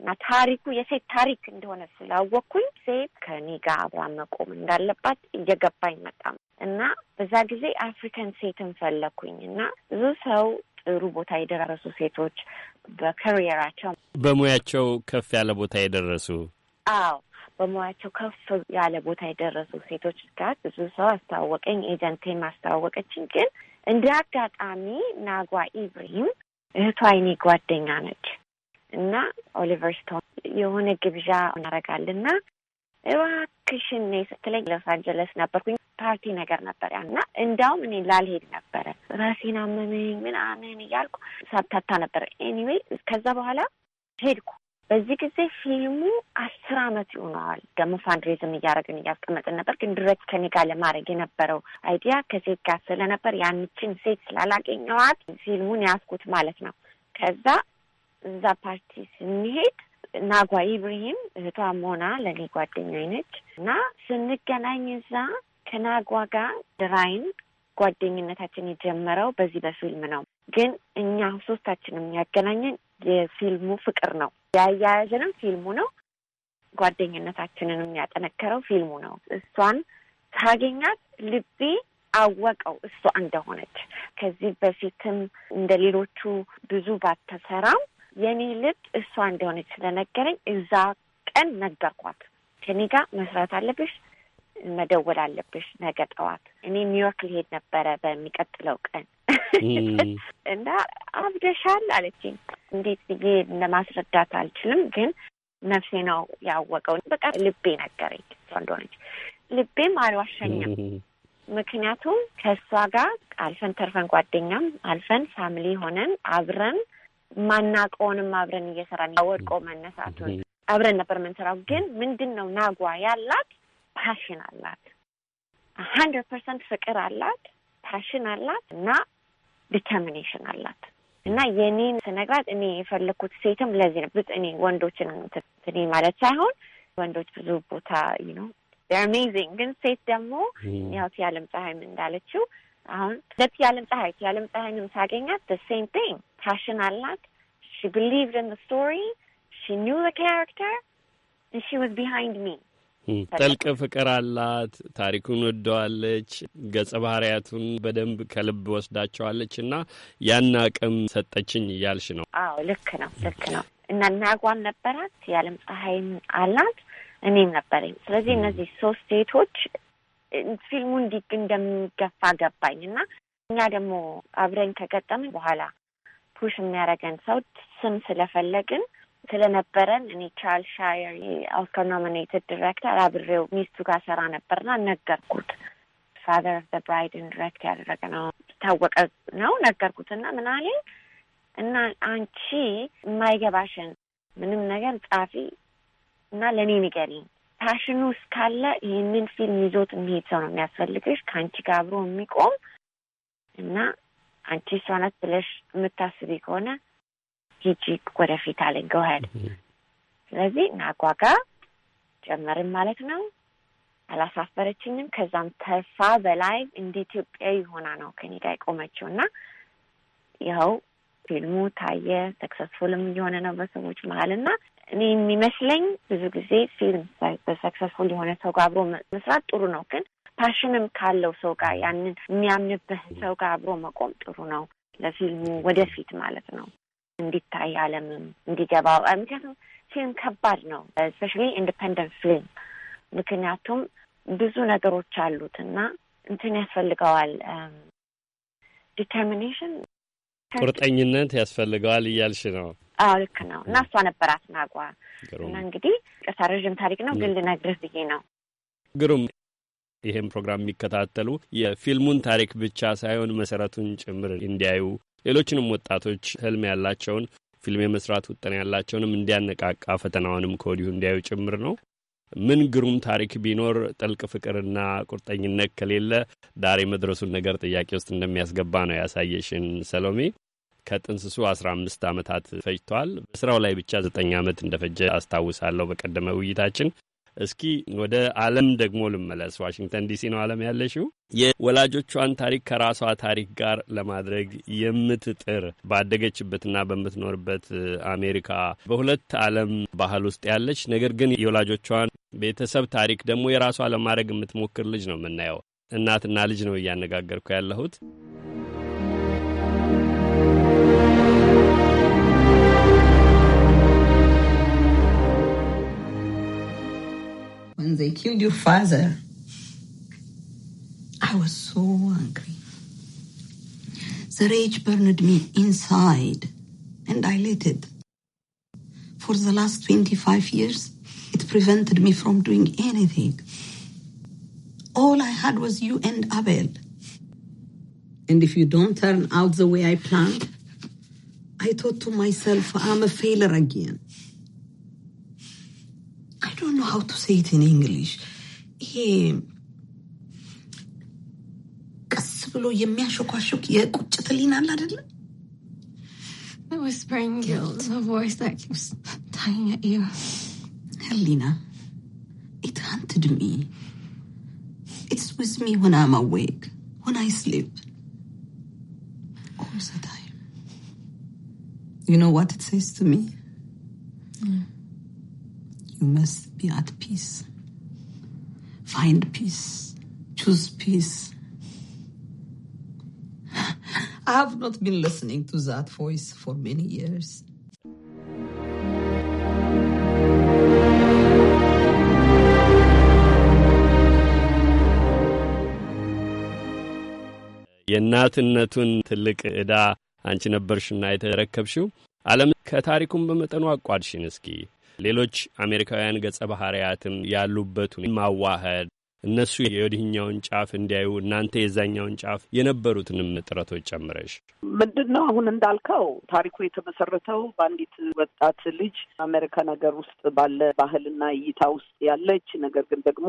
እና ታሪኩ የሴት ታሪክ እንደሆነ ስላወቅኩኝ ሴት ከኔ ጋር አብራ መቆም እንዳለባት እየገባኝ መጣም እና በዛ ጊዜ አፍሪካን ሴትን ፈለግኩኝ እና ብዙ ሰው ጥሩ ቦታ የደረሱ ሴቶች በከሪየራቸው በሙያቸው ከፍ ያለ ቦታ የደረሱ አዎ በሙያቸው ከፍ ያለ ቦታ የደረሱ ሴቶች ጋር ብዙ ሰው አስተዋወቀኝ፣ ኤጀንቴም አስተዋወቀችኝ። ግን እንደ አጋጣሚ ናጓ ኢብራሂም እህቷ አይኔ ጓደኛ ነች እና ኦሊቨር ስቶን የሆነ ግብዣ እናደርጋልና እባክሽን ስትለኝ ሎስ አንጀለስ ነበርኩኝ። ፓርቲ ነገር ነበር ያና እንዳውም እኔ ላልሄድ ነበረ ራሴን አመመኝ ምናምን እያልኩ ሳብታታ ነበር። ኤኒዌይ ከዛ በኋላ ሄድኩ። በዚህ ጊዜ ፊልሙ አስር አመት ይሆነዋል። ደግሞ ፋንድሬዝም እያደረግን እያስቀመጥን ነበር። ግን ድረክት ከኔ ጋር ለማድረግ የነበረው አይዲያ ከሴት ጋር ስለነበር ያንችን ሴት ስላላገኘዋት ፊልሙን ያስኩት ማለት ነው። ከዛ እዛ ፓርቲ ስንሄድ ናጓ ኢብሪሂም እህቷ ሞና ለእኔ ጓደኛ ነች እና ስንገናኝ እዛ ከናጓ ጋር ድራይን ጓደኝነታችን የጀመረው በዚህ በፊልም ነው። ግን እኛ ሶስታችንም ያገናኘን የፊልሙ ፍቅር ነው። ያያያዘንም ፊልሙ ነው። ጓደኝነታችንንም ያጠነከረው ፊልሙ ነው። እሷን ሳገኛት ልቤ አወቀው እሷ እንደሆነች። ከዚህ በፊትም እንደ ሌሎቹ ብዙ ባተሰራም። የኔ ልብ እሷ እንደሆነች ስለነገረኝ እዛ ቀን ነገርኳት። ከኔ ጋር መስራት አለብሽ፣ መደወል አለብሽ ነገ ጠዋት። እኔ ኒውዮርክ ሊሄድ ነበረ በሚቀጥለው ቀን እና አብደሻል አለችኝ። እንዴት ብዬ ለማስረዳት አልችልም፣ ግን ነፍሴ ነው ያወቀው። በቃ ልቤ ነገረኝ እሷ እንደሆነች። ልቤም አልዋሸኝም። ምክንያቱም ከእሷ ጋር አልፈን ተርፈን ጓደኛም አልፈን ፋሚሊ ሆነን አብረን ማናቀውንም አብረን እየሰራን ወድቆ መነሳቱን አብረን ነበር የምንሰራው። ግን ምንድን ነው ናጓ ያላት ፓሽን አላት፣ ሀንድረድ ፐርሰንት ፍቅር አላት፣ ፓሽን አላት እና ዲተርሚኔሽን አላት እና የኔን ስነግራት እኔ የፈለግኩት ሴትም ለዚህ ነው። እኔ ወንዶችን እኔ ማለት ሳይሆን ወንዶች ብዙ ቦታ ነው አሜዚንግ፣ ግን ሴት ደግሞ ያው ያለም ፀሐይም እንዳለችው አሁን ለት የዓለም ፀሐይ የዓለም ፀሐይንም ሳገኛት ሴም ቲንግ ፓሽን አላት። ሺ ብሊቭድ ኢን ስቶሪ ሺ ኒው ካራክተር ሺ ዋዝ ቢሃይንድ ሚ ጥልቅ ፍቅር አላት። ታሪኩን ወደዋለች። ገጸ ባህሪያቱን በደንብ ከልብ ወስዳቸዋለች እና ያን አቅም ሰጠችኝ እያልሽ ነው? አዎ ልክ ነው፣ ልክ ነው። እና ናጓም ነበራት፣ የዓለም ፀሐይም አላት፣ እኔም ነበረኝ። ስለዚህ እነዚህ ሶስት ሴቶች ፊልሙ እንዲግ እንደሚገፋ ገባኝ እና እኛ ደግሞ አብረን ከገጠምን በኋላ ፑሽ የሚያደርገን ሰው ስም ስለፈለግን ስለነበረን እኔ ቻርል ሻየር የኦስካር ኖሚኔትድ ዲሬክተር አብሬው ሚስቱ ጋር ሰራ ነበርና ነገርኩት። ፋዘር ኦፍ ዘ ብራይድን ዲሬክት ያደረገ ነው ታወቀ ነው ነገርኩትና ምን አለኝ እና አንቺ የማይገባሽን ምንም ነገር ጻፊ እና ለእኔ ንገሪኝ ፓሽኑ እስካለ ይህንን ፊልም ይዞት የሚሄድ ሰው ነው የሚያስፈልግሽ ከአንቺ ጋር አብሮ የሚቆም እና አንቺ እሷ ናት ብለሽ የምታስቢ ከሆነ ሂጂ ወደፊት አለኝ ገውሀድ። ስለዚህ ናጓጋ ጀመርን ማለት ነው። አላሳፈረችኝም። ከዛም ተስፋ በላይ እንደ ኢትዮጵያዊ ሆና ነው ከኔ ጋር የቆመችው እና ይኸው ፊልሙ ታየ፣ ሰክሰስፉልም እየሆነ ነው በሰዎች መሀል እና እኔ የሚመስለኝ ብዙ ጊዜ ፊልም በሰክሰስፉል የሆነ ሰው ጋር አብሮ መስራት ጥሩ ነው፣ ግን ፓሽንም ካለው ሰው ጋር ያንን የሚያምንበት ሰው ጋር አብሮ መቆም ጥሩ ነው። ለፊልሙ ወደፊት ማለት ነው እንዲታይ አለምም እንዲገባው። ምክንያቱም ፊልም ከባድ ነው፣ ስፔሻሊ ኢንዲፐንደንት ፊልም ምክንያቱም ብዙ ነገሮች አሉት እና እንትን ያስፈልገዋል ዲተርሚኔሽን ቁርጠኝነት ያስፈልገዋል እያልሽ ነው? አዎ ልክ ነው። እና እሷ ነበራት አስናቋ። እና እንግዲህ ጨሳ ረዥም ታሪክ ነው ግን ልነግርህ ብዬ ነው። ግሩም ይህም ፕሮግራም የሚከታተሉ የፊልሙን ታሪክ ብቻ ሳይሆን መሰረቱን ጭምር እንዲያዩ ሌሎችንም ወጣቶች ህልም ያላቸውን ፊልም የመስራት ውጥን ያላቸውንም እንዲያነቃቃ ፈተናውንም ከወዲሁ እንዲያዩ ጭምር ነው። ምን ግሩም ታሪክ ቢኖር ጥልቅ ፍቅርና ቁርጠኝነት ከሌለ ዳር የመድረሱን ነገር ጥያቄ ውስጥ እንደሚያስገባ ነው ያሳየሽን ሰሎሜ። ከጥንስሱ 15 ዓመታት ፈጅቷል። በስራው ላይ ብቻ 9 ዓመት እንደፈጀ አስታውሳለሁ በቀደመ ውይይታችን። እስኪ ወደ አለም ደግሞ ልመለስ። ዋሽንግተን ዲሲ ነው አለም ያለሽው። የወላጆቿን ታሪክ ከራሷ ታሪክ ጋር ለማድረግ የምትጥር ባደገችበትና በምትኖርበት አሜሪካ በሁለት አለም ባህል ውስጥ ያለች ነገር ግን የወላጆቿን ቤተሰብ ታሪክ ደግሞ የራሷ ለማድረግ የምትሞክር ልጅ ነው የምናየው። እናትና ልጅ ነው እያነጋገርኩ ያለሁት። and they killed your father. I was so angry. The rage burned me inside and dilated. For the last 25 years, it prevented me from doing anything. All I had was you and Abel. And if you don't turn out the way I planned, I thought to myself, I'm a failure again. I don't know how to say it in English ይሄ ቀስ ብሎ የሚያሾኳሾክ የቁጭት ሊና አለ whispering guilt, a voice that keeps tugging at you. Helena, it haunted me. It's with me when I'm awake, when I sleep. All the time. You know what it says to me? Mm. you must be at peace. Find peace. Choose peace. I have not been listening to that voice for many years. የእናትነቱን ትልቅ ዕዳ አንቺ ነበርሽና የተረከብሽው። ዓለም ከታሪኩም በመጠኑ አቋድሽን እስኪ ሌሎች አሜሪካውያን ገጸ ባህርያትም ያሉበትን ማዋሃድ እነሱ የወዲህኛውን ጫፍ እንዲያዩ እናንተ የዛኛውን ጫፍ የነበሩትንም ጥረቶች ጨምረሽ ምንድን ነው አሁን እንዳልከው ታሪኩ የተመሰረተው በአንዲት ወጣት ልጅ አሜሪካ ነገር ውስጥ ባለ ባህልና እይታ ውስጥ ያለች ነገር ግን ደግሞ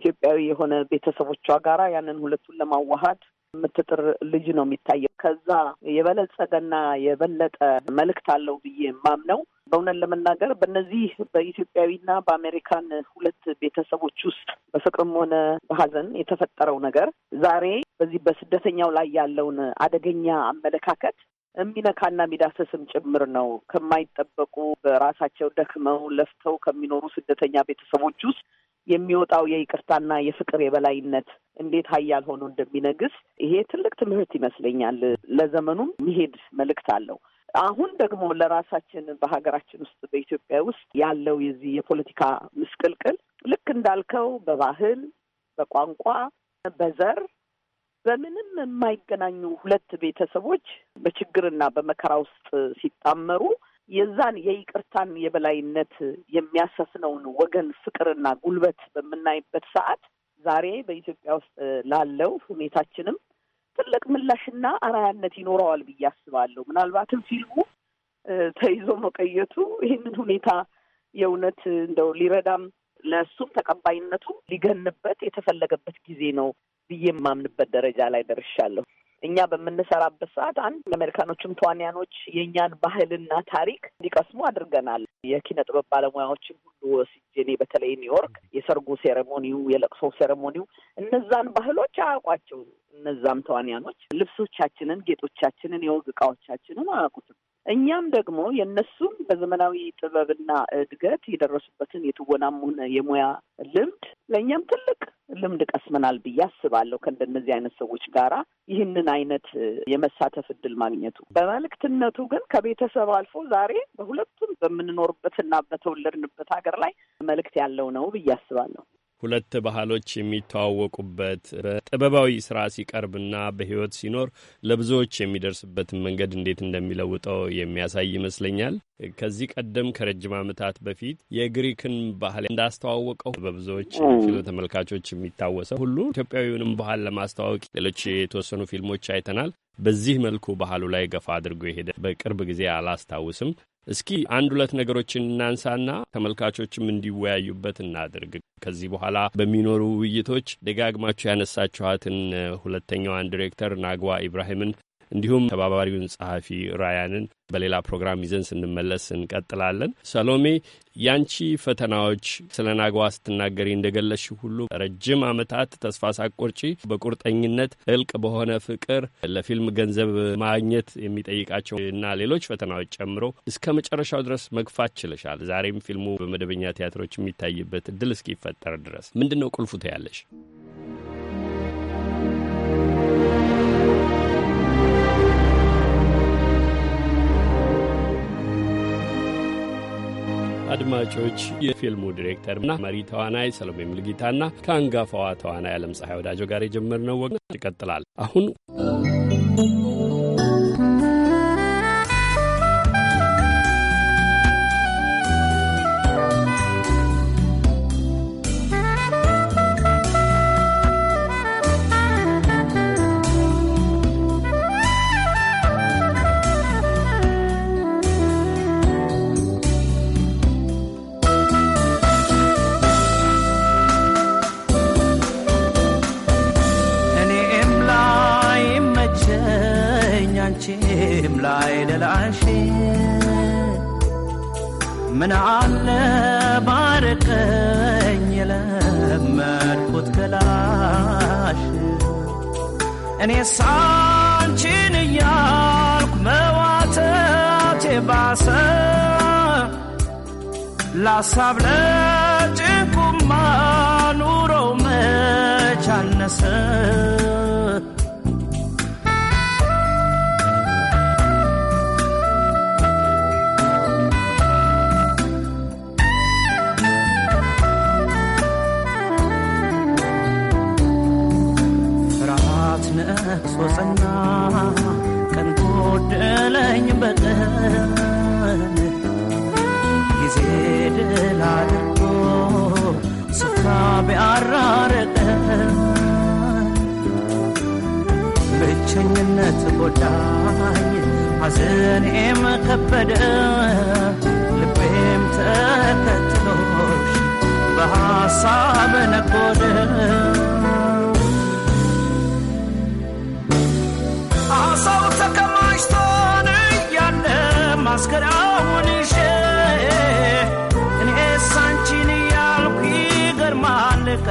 ኢትዮጵያዊ የሆነ ቤተሰቦቿ ጋራ ያንን ሁለቱን ለማዋሃድ የምትጥር ልጅ ነው የሚታየው። ከዛ የበለጸገና የበለጠ መልእክት አለው ብዬ የማምነው በእውነት ለመናገር በእነዚህ በኢትዮጵያዊና በአሜሪካን ሁለት ቤተሰቦች ውስጥ በፍቅርም ሆነ በሀዘን የተፈጠረው ነገር ዛሬ በዚህ በስደተኛው ላይ ያለውን አደገኛ አመለካከት የሚነካና የሚዳሰስም ጭምር ነው። ከማይጠበቁ በራሳቸው ደክመው ለፍተው ከሚኖሩ ስደተኛ ቤተሰቦች ውስጥ የሚወጣው የይቅርታና የፍቅር የበላይነት እንዴት ሀያል ሆኖ እንደሚነግስ ይሄ ትልቅ ትምህርት ይመስለኛል። ለዘመኑም መሄድ መልእክት አለው። አሁን ደግሞ ለራሳችን በሀገራችን ውስጥ በኢትዮጵያ ውስጥ ያለው የዚህ የፖለቲካ ምስቅልቅል ልክ እንዳልከው በባህል፣ በቋንቋ፣ በዘር በምንም የማይገናኙ ሁለት ቤተሰቦች በችግርና በመከራ ውስጥ ሲጣመሩ የዛን የይቅርታን የበላይነት የሚያሰፍነውን ወገን ፍቅርና ጉልበት በምናይበት ሰዓት ዛሬ በኢትዮጵያ ውስጥ ላለው ሁኔታችንም ትልቅ ምላሽና አራያነት ይኖረዋል ብዬ አስባለሁ። ምናልባትም ፊልሙ ተይዞ መቀየቱ ይህንን ሁኔታ የእውነት እንደው ሊረዳም ለእሱም ተቀባይነቱ ሊገንበት የተፈለገበት ጊዜ ነው ብዬ የማምንበት ደረጃ ላይ ደርሻለሁ። እኛ በምንሰራበት ሰዓት አንድ የአሜሪካኖችም ተዋንያኖች የእኛን ባህልና ታሪክ እንዲቀስሙ አድርገናል። የኪነ ጥበብ ወስጄ እኔ በተለይ ኒውዮርክ የሰርጉ ሴሬሞኒው፣ የለቅሶ ሴሬሞኒው እነዛን ባህሎች አያውቋቸው። እነዛም ተዋንያኖች ልብሶቻችንን፣ ጌጦቻችንን፣ የወግ እቃዎቻችንን አያውቁትም። እኛም ደግሞ የእነሱም በዘመናዊ ጥበብና እድገት የደረሱበትን የትወናም ሆነ የሙያ ልምድ ለእኛም ትልቅ ልምድ ቀስመናል ብዬ አስባለሁ። ከእንደነዚህ አይነት ሰዎች ጋራ ይህንን አይነት የመሳተፍ እድል ማግኘቱ በመልእክትነቱ ግን ከቤተሰብ አልፎ ዛሬ በሁለቱም በምንኖርበትና በተወለድንበት ሀገር ላይ መልእክት ያለው ነው ብዬ አስባለሁ። ሁለት ባህሎች የሚተዋወቁበት በጥበባዊ ስራ ሲቀርብና በህይወት ሲኖር ለብዙዎች የሚደርስበትን መንገድ እንዴት እንደሚለውጠው የሚያሳይ ይመስለኛል። ከዚህ ቀደም ከረጅም ዓመታት በፊት የግሪክን ባህል እንዳስተዋወቀው በብዙዎች ፊልም ተመልካቾች የሚታወሰው ሁሉ ኢትዮጵያዊውንም ባህል ለማስተዋወቅ ሌሎች የተወሰኑ ፊልሞች አይተናል። በዚህ መልኩ ባህሉ ላይ ገፋ አድርጎ የሄደ በቅርብ ጊዜ አላስታውስም። እስኪ አንድ ሁለት ነገሮችን እናንሳና ተመልካቾችም እንዲወያዩበት እናድርግ። ከዚህ በኋላ በሚኖሩ ውይይቶች ደጋግማችሁ ያነሳችኋትን ሁለተኛዋን ዲሬክተር ናግዋ ኢብራሂምን እንዲሁም ተባባሪውን ጸሐፊ ራያንን በሌላ ፕሮግራም ይዘን ስንመለስ እንቀጥላለን። ሰሎሜ፣ ያንቺ ፈተናዎች ስለ ናግዋ ስትናገሪ እንደገለሽ ሁሉ ረጅም ዓመታት ተስፋ ሳቆርጪ በቁርጠኝነት እልቅ በሆነ ፍቅር ለፊልም ገንዘብ ማግኘት የሚጠይቃቸው እና ሌሎች ፈተናዎች ጨምሮ እስከ መጨረሻው ድረስ መግፋት ችለሻል። ዛሬም ፊልሙ በመደበኛ ቲያትሮች የሚታይበት እድል እስኪፈጠር ድረስ ምንድን ነው ቁልፉ ትያለሽ? አድማጮች የፊልሙ ዲሬክተርና መሪ ተዋናይ ሰሎሜ ሙልጌታና ከአንጋፋዋ ተዋናይ አለም ፀሐይ ወዳጆ ጋር የጀመርነው ወግ ይቀጥላል አሁን sobre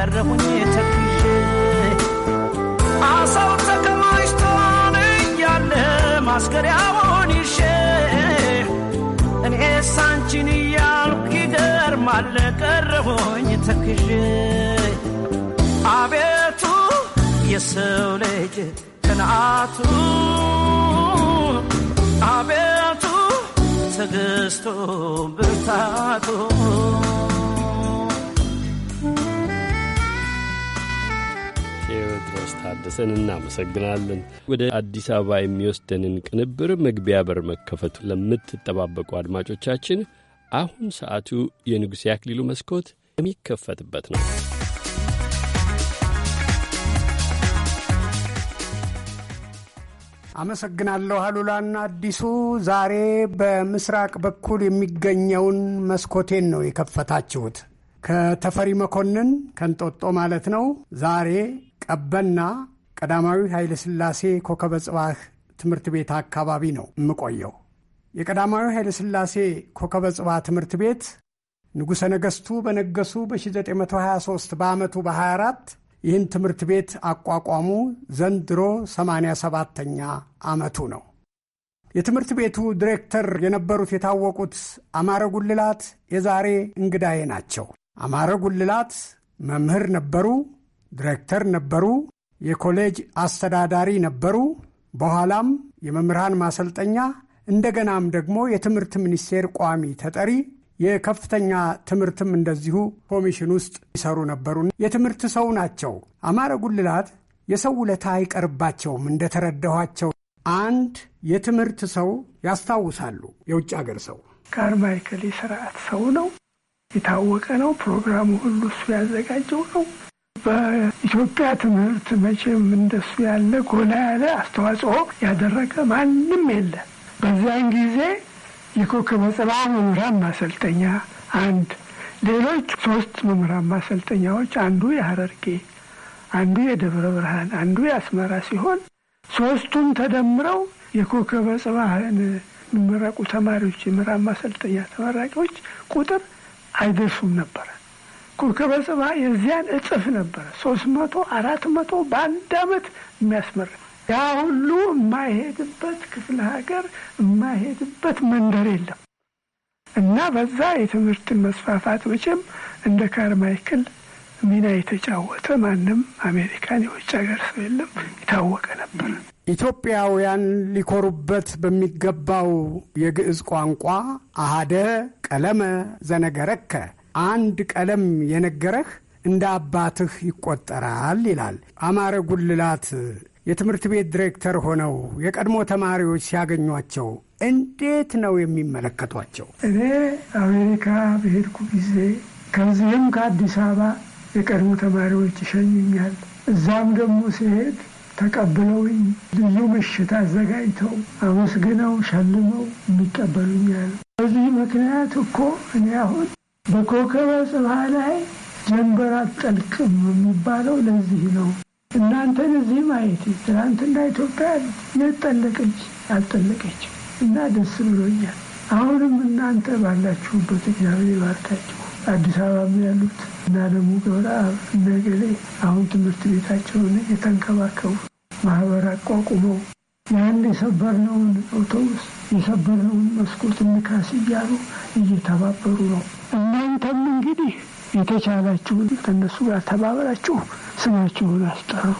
ቀረሁኝ ተክዤ አሳው ተከማችቷን እያለ ማስገሪያውን ይሼ እኔ ሳንቺን እያልኩ ይገርማል ቀረሁኝ ተክዤ አቤቱ የሰው ልጅ ቅንዓቱ አቤቱ ትዕግስቱ ብርታቱ ታደሰን እናመሰግናለን። ወደ አዲስ አበባ የሚወስደንን ቅንብር መግቢያ በር መከፈቱ ለምትጠባበቁ አድማጮቻችን አሁን ሰዓቱ የንጉሴ አክሊሉ መስኮት የሚከፈትበት ነው። አመሰግናለሁ አሉላና አዲሱ። ዛሬ በምስራቅ በኩል የሚገኘውን መስኮቴን ነው የከፈታችሁት። ከተፈሪ መኮንን ከንጦጦ ማለት ነው። ዛሬ ቀበና ቀዳማዊ ኃይለ ሥላሴ ኮከበ ጽባህ ትምህርት ቤት አካባቢ ነው የምቆየው። የቀዳማዊ ኃይለ ሥላሴ ኮከበ ጽባህ ትምህርት ቤት ንጉሠ ነገሥቱ በነገሱ በ1923 በዓመቱ በ24 ይህን ትምህርት ቤት አቋቋሙ። ዘንድሮ 87ኛ ዓመቱ ነው። የትምህርት ቤቱ ዲሬክተር የነበሩት የታወቁት አማረ ጉልላት የዛሬ እንግዳዬ ናቸው። አማረ ጉልላት መምህር ነበሩ። ዲሬክተር ነበሩ፣ የኮሌጅ አስተዳዳሪ ነበሩ። በኋላም የመምህራን ማሰልጠኛ እንደገናም ደግሞ የትምህርት ሚኒስቴር ቋሚ ተጠሪ የከፍተኛ ትምህርትም እንደዚሁ ኮሚሽን ውስጥ ይሰሩ ነበሩ። የትምህርት ሰው ናቸው። አማረ ጉልላት የሰው ውለታ አይቀርባቸውም። እንደተረዳኋቸው አንድ የትምህርት ሰው ያስታውሳሉ። የውጭ ሀገር ሰው ካርማይከል የስርዓት ሰው ነው፣ የታወቀ ነው። ፕሮግራሙ ሁሉ እሱ ያዘጋጀው ነው። በኢትዮጵያ ትምህርት መቼም እንደሱ ያለ ጎላ ያለ አስተዋጽኦ ያደረገ ማንም የለ። በዚያን ጊዜ የኮከበ ጽባህ መምህራን ማሰልጠኛ አንድ፣ ሌሎች ሶስት መምህራን ማሰልጠኛዎች አንዱ የሀረርጌ፣ አንዱ የደብረ ብርሃን፣ አንዱ የአስመራ ሲሆን ሶስቱም ተደምረው የኮከበ ጽባህን የሚመረቁ ተማሪዎች የምዕራብ ማሰልጠኛ ተመራቂዎች ቁጥር አይደርሱም ነበረ። ኮከበ ጽባ የዚያን እጥፍ ነበረ። ሶስት መቶ አራት መቶ በአንድ አመት የሚያስመር ያ ሁሉ የማይሄድበት ክፍለ ሀገር የማይሄድበት መንደር የለም እና በዛ የትምህርትን መስፋፋት መቼም እንደ ካርማይክል ሚና የተጫወተ ማንም አሜሪካን የውጭ ሀገር ሰው የለም፣ የታወቀ ነበር። ኢትዮጵያውያን ሊኮሩበት በሚገባው የግዕዝ ቋንቋ አሃደ ቀለመ ዘነገረከ አንድ ቀለም የነገረህ እንደ አባትህ ይቆጠራል ይላል አማረ ጉልላት። የትምህርት ቤት ዲሬክተር ሆነው የቀድሞ ተማሪዎች ሲያገኟቸው እንዴት ነው የሚመለከቷቸው? እኔ አሜሪካ በሄድኩ ጊዜ ከዚህም ከአዲስ አበባ የቀድሞ ተማሪዎች ይሸኙኛል። እዛም ደግሞ ሲሄድ ተቀብለውኝ ልዩ ምሽት አዘጋጅተው አመስግነው ሸልመው የሚቀበሉኛል። በዚህ ምክንያት እኮ እኔ አሁን በኮከበ ስብሃ ላይ ጀንበር አትጠልቅም የሚባለው ለዚህ ነው። እናንተን እዚህ ማየት ትናንትና ኢትዮጵያ የት ጠለቀች? አልጠለቀችም እና ደስ ብሎኛል። አሁንም እናንተ ባላችሁበት እግዚአብሔር ይባርካችሁ። አዲስ አበባም ያሉት እና ደግሞ ገብረአብ ነገሌ አሁን ትምህርት ቤታቸውን የተንከባከቡ ማህበር አቋቁመው ያን የሰበርነውን አውቶቡስ የሰበርነውን መስኮት እንካስ እያሉ እየተባበሩ ነው። እናንተም እንግዲህ የተቻላችሁን ከነሱ ጋር ተባበራችሁ ስማችሁን አስጠሩ።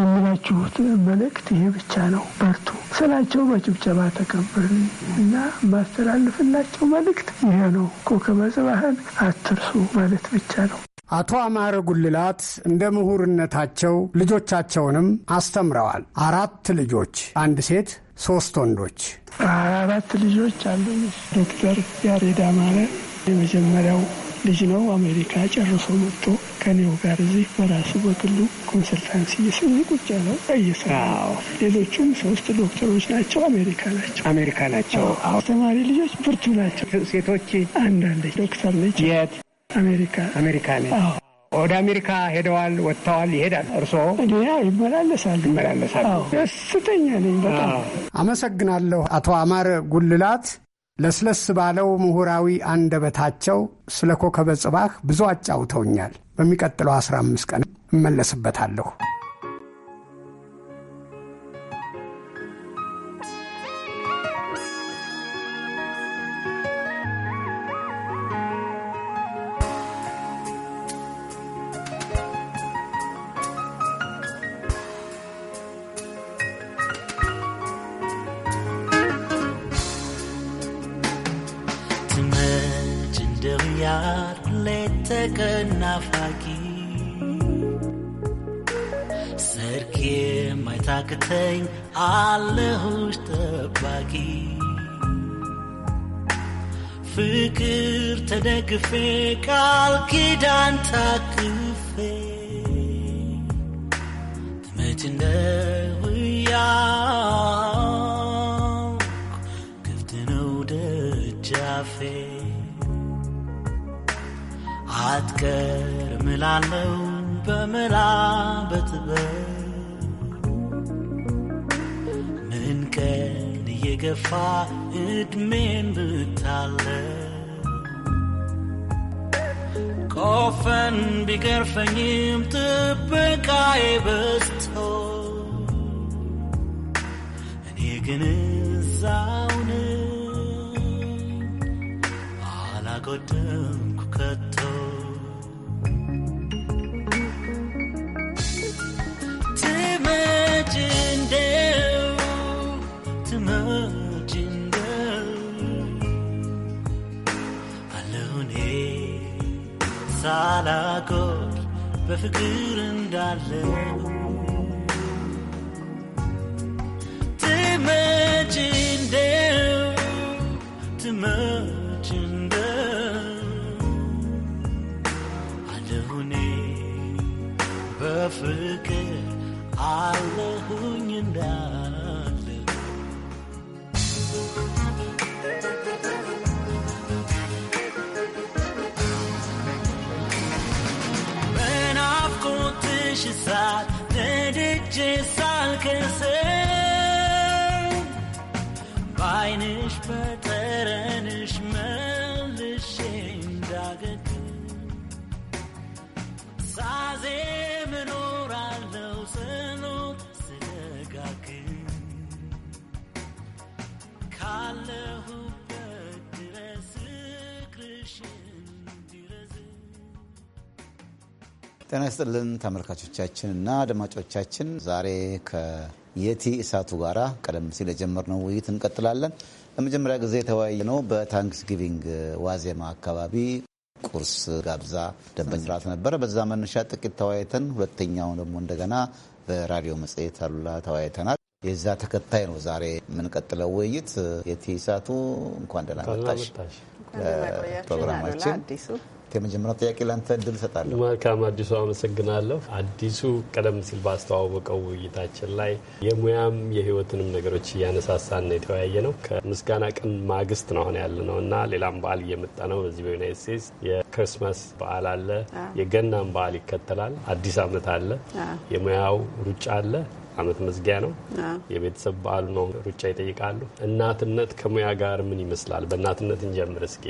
የምላችሁት መልእክት ይሄ ብቻ ነው። በርቱ ስላቸው በጭብጨባ ተቀበል እና ማስተላልፍላቸው መልእክት ይሄ ነው። ኮከበ ጽባህን አትርሱ ማለት ብቻ ነው። አቶ አማረ ጉልላት እንደ ምሁርነታቸው ልጆቻቸውንም አስተምረዋል። አራት ልጆች፣ አንድ ሴት፣ ሶስት ወንዶች። አራት ልጆች አሉ። ዶክተር ያሬድ አማረ የመጀመሪያው ልጅ ነው። አሜሪካ ጨርሶ መጥቶ ከኔው ጋር እዚህ በራሱ በግሉ ኮንሰልታንሲ እየሰሩ ቁጭ ነው እየሰራ ሌሎቹም ሶስት ዶክተሮች ናቸው። አሜሪካ ናቸው። አሜሪካ ናቸው። አስተማሪ ልጆች ብርቱ ናቸው። ሴቶች አንዳንድ ዶክተር ልጅ የት አሜሪካ አሜሪካ ነ ወደ አሜሪካ ሄደዋል፣ ወጥተዋል፣ ይሄዳል። እርስዎ ይመላለሳል? ይመላለሳል። ደስተኛ ነኝ በጣም አመሰግናለሁ። አቶ አማረ ጉልላት ለስለስ ባለው ምሁራዊ አንደበታቸው ስለ ኮከበ ጽባህ ብዙ አጫውተውኛል። በሚቀጥለው አምስት ቀን እመለስበታለሁ። እንደብያት ሁሌ ተቀናፋቂ ሰርኬ የማይታክተኝ አለሁሽ ጠባቂ ፍቅር ተደግፌ ቃል ኪዳን ታቅፌ ትመጭ አትቀር ምላለው በመላ በትበት ምን ቀን እየገፋ እድሜን ብታለ ቆፈን ቢገርፈኝም ጥበቃዬ በዝቶ እኔ ግን እዛውን አላጎደምኩ ከቶ ሳላቆር በፍቅር እንዳለ ትመጭ አለሁኔ በፍቅር አለሁኝ እንዳ ትንሽ እሳት ነድጄ ሳልከስር በዓይንሽ በጠረንሽ መልሼ እንዳገድ ሳዜ ምኖራለው ጽኖት ስደጋግን ካለሁ ጤና ይስጥልን ተመልካቾቻችን እና አድማጮቻችን፣ ዛሬ ከየቲ እሳቱ ጋር ቀደም ሲል የጀመርነው ውይይት እንቀጥላለን። ለመጀመሪያ ጊዜ ነው በታንክስ ጊቪንግ ዋዜማ አካባቢ ቁርስ ጋብዛ ደንበኝ ራት ነበረ። በዛ መነሻ ጥቂት ተወያይተን፣ ሁለተኛው ደግሞ እንደገና በራዲዮ መጽሔት አሉላ ተወያይተናል። የዛ ተከታይ ነው ዛሬ የምንቀጥለው ውይይት። የቲ እሳቱ እንኳን ደህና መጣሽ ፕሮግራማችን የመጀመሪያው ጥያቄ ለአንተ እድል እሰጣለሁ። መልካም አዲሱ አመሰግናለሁ። አዲሱ ቀደም ሲል ባስተዋወቀው ውይይታችን ላይ የሙያም የህይወትንም ነገሮች እያነሳሳን የተወያየ ነው። ከምስጋና ቀን ማግስት ነው አሁን ያለ ነው እና ሌላም በዓል እየመጣ ነው። በዚህ በዩናይት ስቴትስ የክርስማስ በዓል አለ፣ የገናም በዓል ይከተላል፣ አዲስ አመት አለ፣ የሙያው ሩጫ አለ አመት መዝጊያ ነው። የቤተሰብ በዓሉ ነው። ሩጫ ይጠይቃሉ። እናትነት ከሙያ ጋር ምን ይመስላል? በእናትነት እንጀምር እስኪ።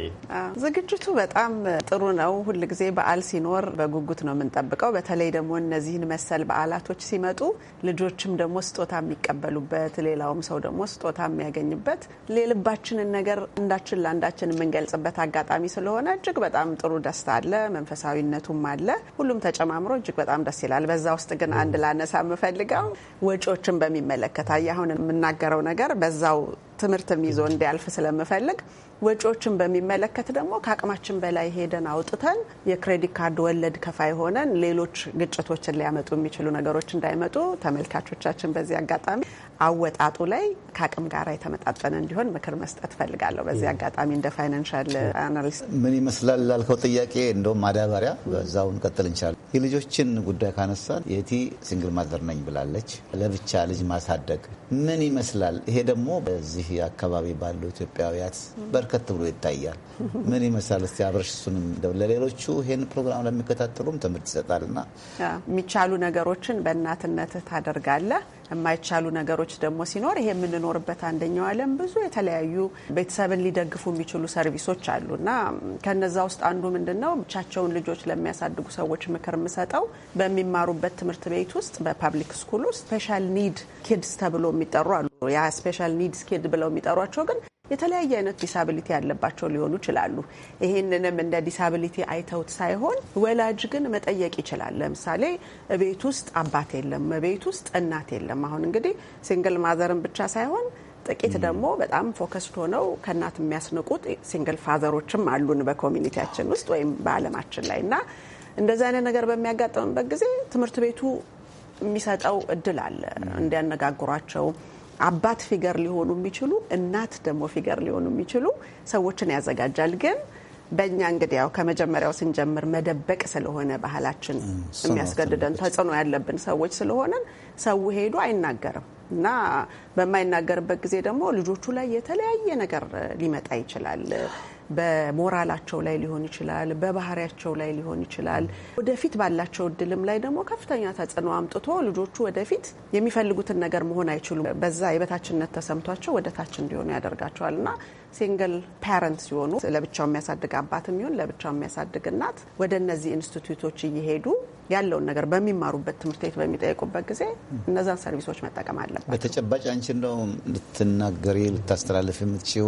ዝግጅቱ በጣም ጥሩ ነው። ሁል ጊዜ በዓል ሲኖር በጉጉት ነው የምንጠብቀው። በተለይ ደግሞ እነዚህን መሰል በዓላቶች ሲመጡ ልጆችም ደግሞ ስጦታ የሚቀበሉበት፣ ሌላውም ሰው ደግሞ ስጦታ የሚያገኝበት የልባችንን ነገር አንዳችን ለአንዳችን የምንገልጽበት አጋጣሚ ስለሆነ እጅግ በጣም ጥሩ ደስታ አለ። መንፈሳዊነቱም አለ። ሁሉም ተጨማምሮ እጅግ በጣም ደስ ይላል። በዛ ውስጥ ግን አንድ ላነሳ የምፈልገው ወጪዎችን በሚመለከት አሁን የምናገረው ነገር በዛው ትምህርት ይዞ እንዲያልፍ ስለምፈልግ ወጪዎችን በሚመለከት ደግሞ ከአቅማችን በላይ ሄደን አውጥተን የክሬዲት ካርድ ወለድ ከፋይ ሆነን ሌሎች ግጭቶችን ሊያመጡ የሚችሉ ነገሮች እንዳይመጡ ተመልካቾቻችን በዚህ አጋጣሚ አወጣጡ ላይ ከአቅም ጋር የተመጣጠነ እንዲሆን ምክር መስጠት ፈልጋለሁ። በዚህ አጋጣሚ እንደ ፋይናንሻል አናሊስት ምን ይመስላል ላልከው ጥያቄ እንደውም ማዳበሪያ በዛው እንቀጥል እንችላለን። የልጆችን ጉዳይ ካነሳን የቲ ሲንግል ማዘር ነኝ ብላለች። ለብቻ ልጅ ማሳደግ ምን ይመስላል? ይሄ ደግሞ በዚህ አካባቢ ባሉ ኢትዮጵያውያት በርከት ብሎ ይታያል። ምን ይመስላል? እስቲ አብረሽ እሱንም እንደው ለሌሎቹ ይህን ፕሮግራም ለሚከታተሉም ትምህርት ይሰጣልና የሚቻሉ ነገሮችን በእናትነትህ ታደርጋለህ። የማይቻሉ ነገሮች ደግሞ ሲኖር ይሄ የምንኖርበት አንደኛው ዓለም ብዙ የተለያዩ ቤተሰብን ሊደግፉ የሚችሉ ሰርቪሶች አሉ እና ከነዛ ውስጥ አንዱ ምንድን ነው ብቻቸውን ልጆች ለሚያሳድጉ ሰዎች ምክር የምሰጠው በሚማሩበት ትምህርት ቤት ውስጥ በፓብሊክ ስኩል ውስጥ ስፔሻል ኒድ ኪድስ ተብሎ የሚጠሩ አሉ። ያ ስፔሻል ኒድስ ኪድ ብለው የሚጠሯቸው ግን የተለያየ አይነት ዲሳብሊቲ ያለባቸው ሊሆኑ ይችላሉ። ይህንንም እንደ ዲሳብሊቲ አይተውት ሳይሆን ወላጅ ግን መጠየቅ ይችላል። ለምሳሌ ቤት ውስጥ አባት የለም፣ ቤት ውስጥ እናት የለም። አሁን እንግዲህ ሲንግል ማዘርን ብቻ ሳይሆን ጥቂት ደግሞ በጣም ፎከስድ ሆነው ከእናት የሚያስንቁት ሲንግል ፋዘሮችም አሉን በኮሚኒቲያችን ውስጥ ወይም በዓለማችን ላይ እና እንደዚህ አይነት ነገር በሚያጋጥምበት ጊዜ ትምህርት ቤቱ የሚሰጠው እድል አለ እንዲያነጋግሯቸው አባት ፊገር ሊሆኑ የሚችሉ እናት ደግሞ ፊገር ሊሆኑ የሚችሉ ሰዎችን ያዘጋጃል። ግን በእኛ እንግዲህ ያው ከመጀመሪያው ስንጀምር መደበቅ ስለሆነ ባህላችን የሚያስገድደን ተጽዕኖ ያለብን ሰዎች ስለሆነን ሰው ሄዱ አይናገርም እና በማይናገርበት ጊዜ ደግሞ ልጆቹ ላይ የተለያየ ነገር ሊመጣ ይችላል። በሞራላቸው ላይ ሊሆን ይችላል፣ በባህሪያቸው ላይ ሊሆን ይችላል። ወደፊት ባላቸው እድልም ላይ ደግሞ ከፍተኛ ተጽዕኖ አምጥቶ ልጆቹ ወደፊት የሚፈልጉትን ነገር መሆን አይችሉም። በዛ የበታችነት ተሰምቷቸው ወደታች እንዲሆኑ ያደርጋቸዋል እና ሲንግል ፓረንት ሲሆኑ ለብቻው የሚያሳድግ አባትም ይሁን ለብቻው የሚያሳድግ እናት ወደ እነዚህ ኢንስቲትዩቶች እየሄዱ ያለውን ነገር በሚማሩበት ትምህርት ቤት በሚጠይቁበት ጊዜ እነዛን ሰርቪሶች መጠቀም አለበት። በተጨባጭ አንቺ ነው ልትናገሪ ልታስተላልፍ የምትችው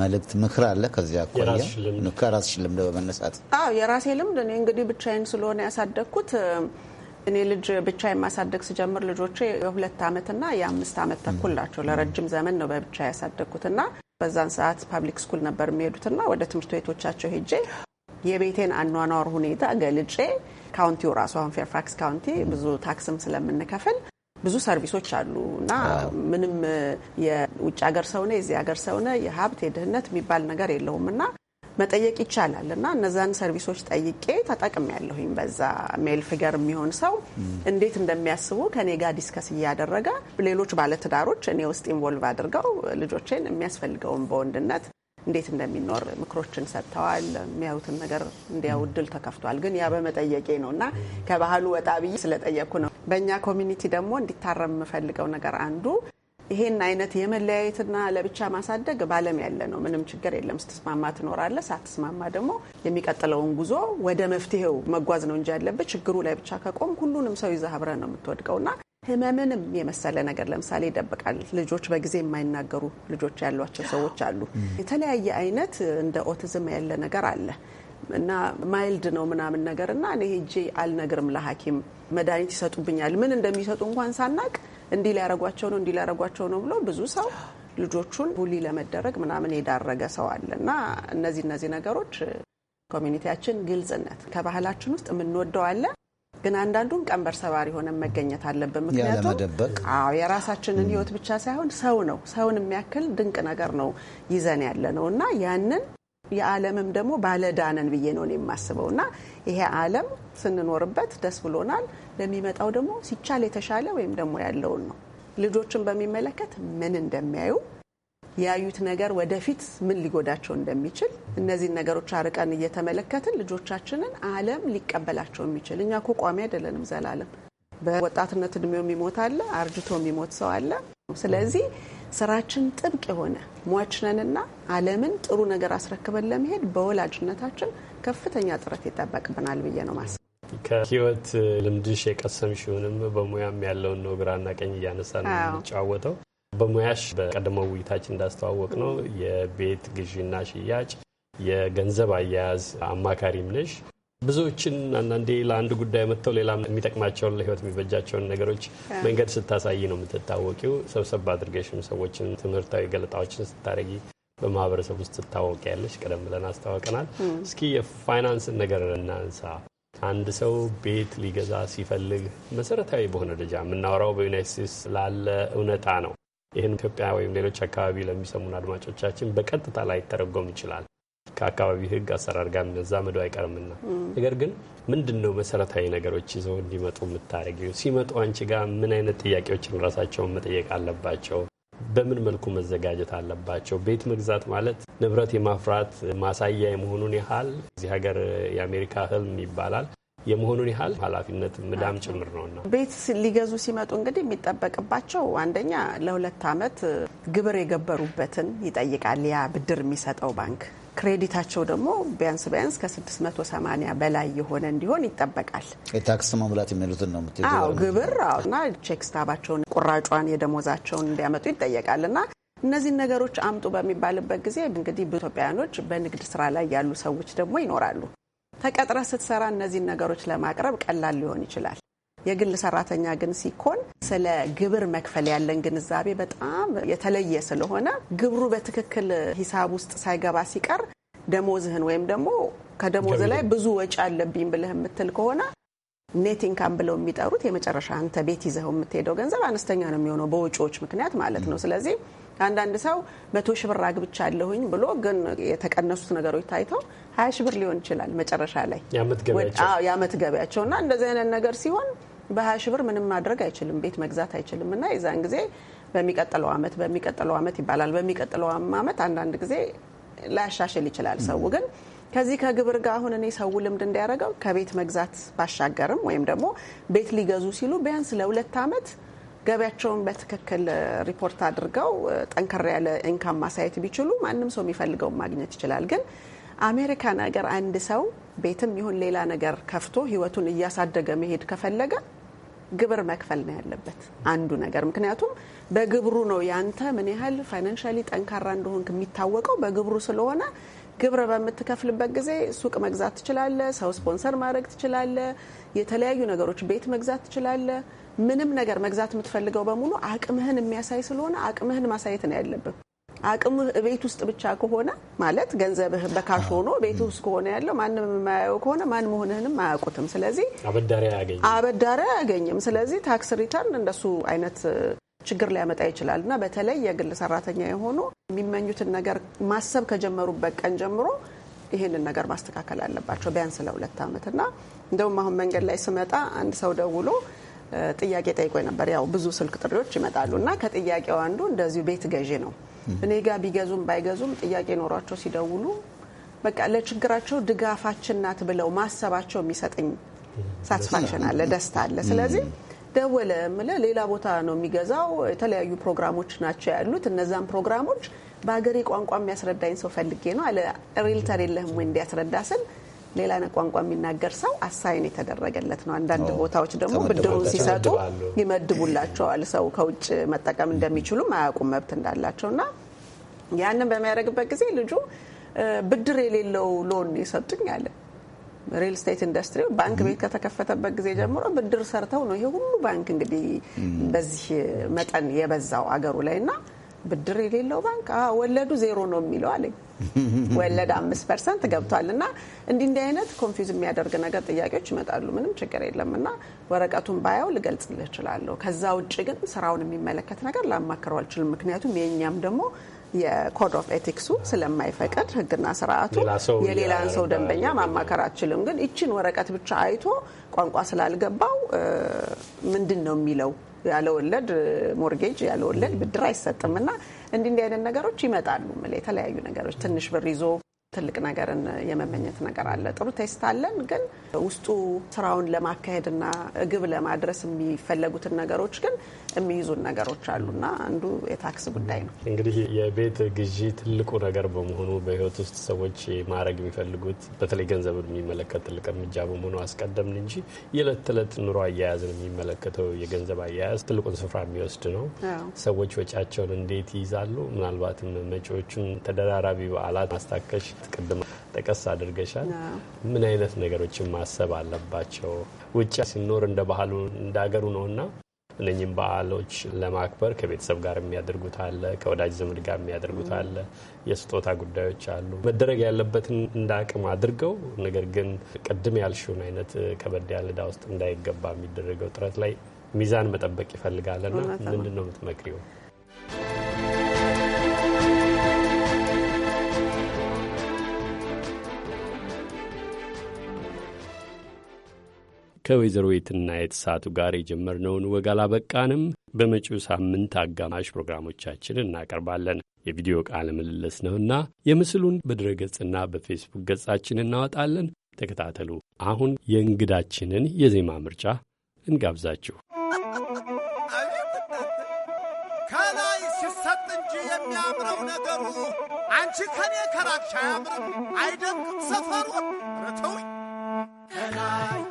መልእክት፣ ምክር አለ ከዚያ አኳያ ከራስሽ ልምድ በመነሳት? አዎ የራሴ ልምድ እኔ እንግዲህ ብቻዬን ስለሆነ ያሳደግኩት እኔ ልጅ ብቻ የማሳደግ ስጀምር ልጆቼ የሁለት ዓመትና የአምስት ዓመት ተኩል ናቸው። ለረጅም ዘመን ነው በብቻ ያሳደግኩት ያሳደግኩትና በዛን ሰዓት ፓብሊክ ስኩል ነበር የሚሄዱትና ወደ ትምህርት ቤቶቻቸው ሄጄ የቤቴን አኗኗር ሁኔታ ገልጬ ካውንቲው ራሱ አሁን ፌርፋክስ ካውንቲ ብዙ ታክስም ስለምንከፍል ብዙ ሰርቪሶች አሉ እና ምንም የውጭ ሀገር ሰውነ የዚህ ሀገር ሰውነ የሀብት የድህነት የሚባል ነገር የለውም እና መጠየቅ ይቻላል እና እነዛን ሰርቪሶች ጠይቄ ተጠቅም ያለሁኝ በዛ ሜል ፊገር የሚሆን ሰው እንዴት እንደሚያስቡ ከኔ ጋር ዲስከስ እያደረገ ሌሎች ባለትዳሮች እኔ ውስጥ ኢንቮልቭ አድርገው ልጆቼን የሚያስፈልገውን በወንድነት እንዴት እንደሚኖር ምክሮችን ሰጥተዋል። የሚያዩትን ነገር እንዲያው እድል ተከፍቷል። ግን ያ በመጠየቄ ነው እና ከባህሉ ወጣ ብዬ ስለጠየቅኩ ነው። በእኛ ኮሚኒቲ ደግሞ እንዲታረም የምፈልገው ነገር አንዱ ይሄን አይነት የመለያየትና ለብቻ ማሳደግ በዓለም ያለ ነው። ምንም ችግር የለም። ስትስማማ ትኖራለ ሳትስማማ ደግሞ የሚቀጥለውን ጉዞ ወደ መፍትሄው መጓዝ ነው እንጂ ያለበት ችግሩ ላይ ብቻ ከቆም ሁሉንም ሰው ይዘህ አብረህ ነው የምትወድቀው ና ህመምንም የመሰለ ነገር ለምሳሌ ይደብቃል። ልጆች በጊዜ የማይናገሩ ልጆች ያሏቸው ሰዎች አሉ። የተለያየ አይነት እንደ ኦቲዝም ያለ ነገር አለ እና ማይልድ ነው ምናምን ነገር እና እኔ ሄጄ አልነግርም ለሐኪም መድኃኒት ይሰጡብኛል። ምን እንደሚሰጡ እንኳን ሳናቅ እንዲህ ሊያረጓቸው ነው እንዲህ ሊያረጓቸው ነው ብሎ ብዙ ሰው ልጆቹን ቡሊ ለመደረግ ምናምን የዳረገ ሰው አለ እና እነዚህ እነዚህ ነገሮች ኮሚኒቲያችን ግልጽነት ከባህላችን ውስጥ የምንወደው አለ ግን አንዳንዱም ቀንበር ሰባሪ ሆነ መገኘት አለብን። ምክንያቱም የራሳችንን ህይወት ብቻ ሳይሆን ሰው ነው ሰውን የሚያክል ድንቅ ነገር ነው ይዘን ያለ ነው እና ያንን የዓለምም ደግሞ ባለዳነን ብዬ ነው የማስበው እና ይሄ ዓለም ስንኖርበት ደስ ብሎናል። ለሚመጣው ደግሞ ሲቻል የተሻለ ወይም ደግሞ ያለውን ነው። ልጆችን በሚመለከት ምን እንደሚያዩ ያዩት ነገር ወደፊት ምን ሊጎዳቸው እንደሚችል እነዚህን ነገሮች አርቀን እየተመለከትን ልጆቻችንን ዓለም ሊቀበላቸው የሚችል እኛ እኮ ቋሚ አይደለንም። ዘላለም በወጣትነት እድሜው የሚሞት አለ፣ አርጅቶ የሚሞት ሰው አለ። ስለዚህ ስራችን ጥብቅ የሆነ ሟችነንና አለምን ዓለምን ጥሩ ነገር አስረክበን ለመሄድ በወላጅነታችን ከፍተኛ ጥረት ይጠበቅብናል ብዬ ነው ማስ ከህይወት ልምድሽ የቀሰምሽውንም በሙያም ያለውን ነው ግራና ቀኝ እያነሳ ነው የምንጫወተው። በሙያሽ በቀደመው ውይይታችን እንዳስተዋወቅ ነው የቤት ግዢና ሽያጭ የገንዘብ አያያዝ አማካሪም ነሽ። ብዙዎችን አንዳንዴ ለአንድ ጉዳይ መጥተው ሌላ የሚጠቅማቸውን ለህይወት የሚበጃቸውን ነገሮች መንገድ ስታሳይ ነው የምትታወቂው። ሰብሰብ አድርገሽም ሰዎችን ትምህርታዊ ገለጣዎችን ስታደረጊ በማህበረሰብ ውስጥ ትታወቂ ያለች ቀደም ብለን አስታወቀናል። እስኪ የፋይናንስን ነገር እናንሳ። አንድ ሰው ቤት ሊገዛ ሲፈልግ መሰረታዊ በሆነ ደረጃ የምናወራው በዩናይት ስቴትስ ላለ እውነታ ነው። ይህን ኢትዮጵያ ወይም ሌሎች አካባቢ ለሚሰሙን አድማጮቻችን በቀጥታ ላይ ተረጎም ይችላል። ከአካባቢ ህግ አሰራር ጋር መዛመዱ አይቀርምና ነገር ግን ምንድን ነው መሰረታዊ ነገሮች ይዘው እንዲመጡ የምታደረግ ሲመጡ አንቺ ጋር ምን አይነት ጥያቄዎችን ራሳቸውን መጠየቅ አለባቸው? በምን መልኩ መዘጋጀት አለባቸው? ቤት መግዛት ማለት ንብረት የማፍራት ማሳያ የመሆኑን ያህል እዚህ ሀገር የአሜሪካ ህልም ይባላል የመሆኑን ያህል ኃላፊነት ምዳም ጭምር ነውና ቤት ሊገዙ ሲመጡ እንግዲህ የሚጠበቅባቸው አንደኛ ለሁለት ዓመት ግብር የገበሩበትን ይጠይቃል ያ ብድር የሚሰጠው ባንክ። ክሬዲታቸው ደግሞ ቢያንስ ቢያንስ ከ680 በላይ የሆነ እንዲሆን ይጠበቃል። የታክስ መሙላት የሚሉትን ነው ምትው ግብር እና ቼክ ስታባቸውን ቁራጯን የደሞዛቸውን እንዲያመጡ ይጠየቃል እና እነዚህን ነገሮች አምጡ በሚባልበት ጊዜ እንግዲህ ኢትዮጵያውያኖች በንግድ ስራ ላይ ያሉ ሰዎች ደግሞ ይኖራሉ። ተቀጥረ ስትሰራ እነዚህን ነገሮች ለማቅረብ ቀላል ሊሆን ይችላል። የግል ሰራተኛ ግን ሲኮን ስለ ግብር መክፈል ያለን ግንዛቤ በጣም የተለየ ስለሆነ ግብሩ በትክክል ሂሳብ ውስጥ ሳይገባ ሲቀር ደሞዝህን ወይም ደግሞ ከደሞዝ ላይ ብዙ ወጪ አለብኝ ብለህ የምትል ከሆነ ኔት ኢንካም ብለው የሚጠሩት የመጨረሻ አንተ ቤት ይዘው የምትሄደው ገንዘብ አነስተኛ ነው የሚሆነው በወጪዎች ምክንያት ማለት ነው። ስለዚህ አንዳንድ ሰው መቶ ሺህ ብር አግብቻለሁኝ ብሎ ግን የተቀነሱት ነገሮች ታይተው ሀያ ሺህ ብር ሊሆን ይችላል መጨረሻ ላይ የአመት ገቢያቸው እና እንደዚህ አይነት ነገር ሲሆን በሀያ ሺህ ብር ምንም ማድረግ አይችልም፣ ቤት መግዛት አይችልም። እና የዛን ጊዜ በሚቀጥለው አመት በሚቀጥለው አመት ይባላል። በሚቀጥለው አመት አንዳንድ ጊዜ ላያሻሽል ይችላል ሰው ግን ከዚህ ከግብር ጋር አሁን እኔ ሰው ልምድ እንዲያደርገው ከቤት መግዛት ባሻገርም ወይም ደግሞ ቤት ሊገዙ ሲሉ ቢያንስ ለሁለት አመት ገቢያቸውን በትክክል ሪፖርት አድርገው ጠንከር ያለ ኢንካም ማሳየት ቢችሉ ማንም ሰው የሚፈልገውን ማግኘት ይችላል። ግን አሜሪካ ነገር አንድ ሰው ቤትም ይሁን ሌላ ነገር ከፍቶ ህይወቱን እያሳደገ መሄድ ከፈለገ ግብር መክፈል ነው ያለበት አንዱ ነገር። ምክንያቱም በግብሩ ነው ያንተ ምን ያህል ፋይናንሻሊ ጠንካራ እንደሆን የሚታወቀው በግብሩ ስለሆነ ግብር በምትከፍልበት ጊዜ ሱቅ መግዛት ትችላለ ሰው ስፖንሰር ማድረግ ትችላለ የተለያዩ ነገሮች ቤት መግዛት ትችላለ ምንም ነገር መግዛት የምትፈልገው በሙሉ አቅምህን የሚያሳይ ስለሆነ አቅምህን ማሳየት ነው ያለብን። አቅምህ ቤት ውስጥ ብቻ ከሆነ ማለት ገንዘብህ በካሽ ሆኖ ቤት ውስጥ ከሆነ ያለው ማንም የማያየው ከሆነ ማን መሆንህንም አያውቁትም። ስለዚህ አበዳሪ አያገኝም። ስለዚህ ታክስ ሪተርን እንደሱ አይነት ችግር ሊያመጣ ይችላል እና በተለይ የግል ሰራተኛ የሆኑ የሚመኙትን ነገር ማሰብ ከጀመሩበት ቀን ጀምሮ ይህንን ነገር ማስተካከል አለባቸው ቢያንስ ለሁለት ዓመት እና እንደውም አሁን መንገድ ላይ ስመጣ አንድ ሰው ደውሎ ጥያቄ ጠይቆ ነበር። ያው ብዙ ስልክ ጥሪዎች ይመጣሉ እና ከጥያቄው አንዱ እንደዚሁ ቤት ገዢ ነው። እኔ ጋር ቢገዙም ባይገዙም ጥያቄ ኖሯቸው ሲደውሉ በቃ ለችግራቸው ድጋፋችን ናት ብለው ማሰባቸው የሚሰጠኝ ሳትስፋክሽን አለ፣ ደስታ አለ። ስለዚህ ደወለ ምለ ሌላ ቦታ ነው የሚገዛው። የተለያዩ ፕሮግራሞች ናቸው ያሉት። እነዛን ፕሮግራሞች በሀገሬ ቋንቋ የሚያስረዳኝ ሰው ፈልጌ ነው አለ። ሪልተር የለህም ወይ እንዲያስረዳ ስል ሌላ ቋንቋ የሚናገር ሰው አሳይን የተደረገለት ነው። አንዳንድ ቦታዎች ደግሞ ብድሩን ሲሰጡ ይመድቡላቸዋል። ሰው ከውጭ መጠቀም እንደሚችሉም አያውቁም መብት እንዳላቸው እና ያንን በሚያደርግበት ጊዜ ልጁ ብድር የሌለው ሎን የሰጡኝ አለ። ሪል ስቴት ኢንዱስትሪ ባንክ ቤት ከተከፈተበት ጊዜ ጀምሮ ብድር ሰርተው ነው ይሄ ሁሉ ባንክ እንግዲህ በዚህ መጠን የበዛው አገሩ ላይ እና ብድር የሌለው ባንክ ወለዱ ዜሮ ነው የሚለው አለኝ። ወለድ አምስት ፐርሰንት ገብቷል እና እንዲህ እንዲህ አይነት ኮንፊውዝ የሚያደርግ ነገር ጥያቄዎች ይመጣሉ። ምንም ችግር የለም እና ወረቀቱን ባየው ልገልጽልህ እችላለሁ። ከዛ ውጭ ግን ስራውን የሚመለከት ነገር ላማክረው አልችልም። ምክንያቱም የእኛም ደግሞ የኮድ ኦፍ ኤቲክሱ ስለማይፈቅድ ህግና ስርዓቱ የሌላን ሰው ደንበኛ ማማከር አችልም። ግን ይችን ወረቀት ብቻ አይቶ ቋንቋ ስላልገባው ምንድን ነው የሚለው ያለወለድ ሞርጌጅ ያለወለድ ብድር አይሰጥም እና እንዲህ እንዲህ አይነት ነገሮች ይመጣሉ። የተለያዩ ነገሮች ትንሽ ብር ይዞ ትልቅ ነገርን የመመኘት ነገር አለ። ጥሩ ቴስት አለን፣ ግን ውስጡ ስራውን ለማካሄድና ግብ ለማድረስ የሚፈለጉትን ነገሮች ግን የሚይዙን ነገሮች አሉና አንዱ የታክስ ጉዳይ ነው። እንግዲህ የቤት ግዢ ትልቁ ነገር በመሆኑ በህይወት ውስጥ ሰዎች ማድረግ የሚፈልጉት በተለይ ገንዘብን የሚመለከት ትልቅ እርምጃ በመሆኑ አስቀደምን እንጂ የዕለት ተዕለት ኑሮ አያያዝን የሚመለከተው የገንዘብ አያያዝ ትልቁን ስፍራ የሚወስድ ነው። ሰዎች ወጪያቸውን እንዴት ይይዛሉ? ምናልባትም መጪዎቹን ተደራራቢ በዓላት ማስታከሽ ቅድም ጠቀስ አድርገሻል። ምን አይነት ነገሮችን ማሰብ አለባቸው? ውጭ ሲኖር እንደ ባህሉ እንደ ሀገሩ ነውና እነኚህም በዓሎች ለማክበር ከቤተሰብ ጋር የሚያደርጉት አለ፣ ከወዳጅ ዘመድ ጋር የሚያደርጉት አለ፣ የስጦታ ጉዳዮች አሉ። መደረግ ያለበትን እንደ አቅም አድርገው ነገር ግን ቅድም ያልሽውን አይነት ከበድ ያለ ውስጥ እንዳይገባ የሚደረገው ጥረት ላይ ሚዛን መጠበቅ ይፈልጋልና ምንድን ነው የምትመክሪው? ከወይዘሮ የትና የተሳቱ ጋር የጀመርነውን ወግ አላበቃንም። በመጪው ሳምንት አጋማሽ ፕሮግራሞቻችን እናቀርባለን። የቪዲዮ ቃለ ምልልስ ነውና የምስሉን በድረገጽና በፌስቡክ ገጻችን እናወጣለን። ተከታተሉ። አሁን የእንግዳችንን የዜማ ምርጫ እንጋብዛችሁ። ከላይ ሲሰጥ እንጂ የሚያምረው ነገሩ አንቺ ከኔ ከራቅሻ አያምርም አይደንቅም ሰፈሩ ርትውኝ ከላይ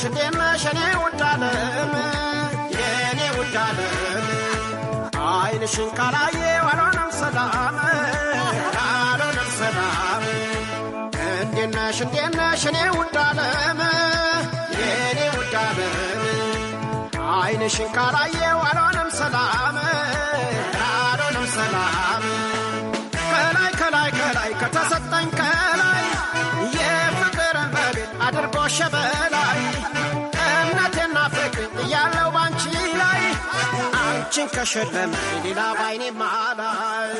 ሽቴመሽ የኔ ውድ ዓለም የኔ ውድ ዓለም አይንሽን ካላየ አልሆነም ሰላም አልሆነም ሰላም እንዴት ነሽ እንዴት ነሽ የኔ ውድ ዓለም የኔ ውድ ዓለም አይንሽን ካላየ አልሆነም ሰላም አልሆነም ሰላም ከላይ ከላይ ከላይ ከተሰጠኝ ከላይ የፍቅርን በቤት አድርጎ ሸበል ችን ከሸለመ ሌላ ባይኔ ማላይ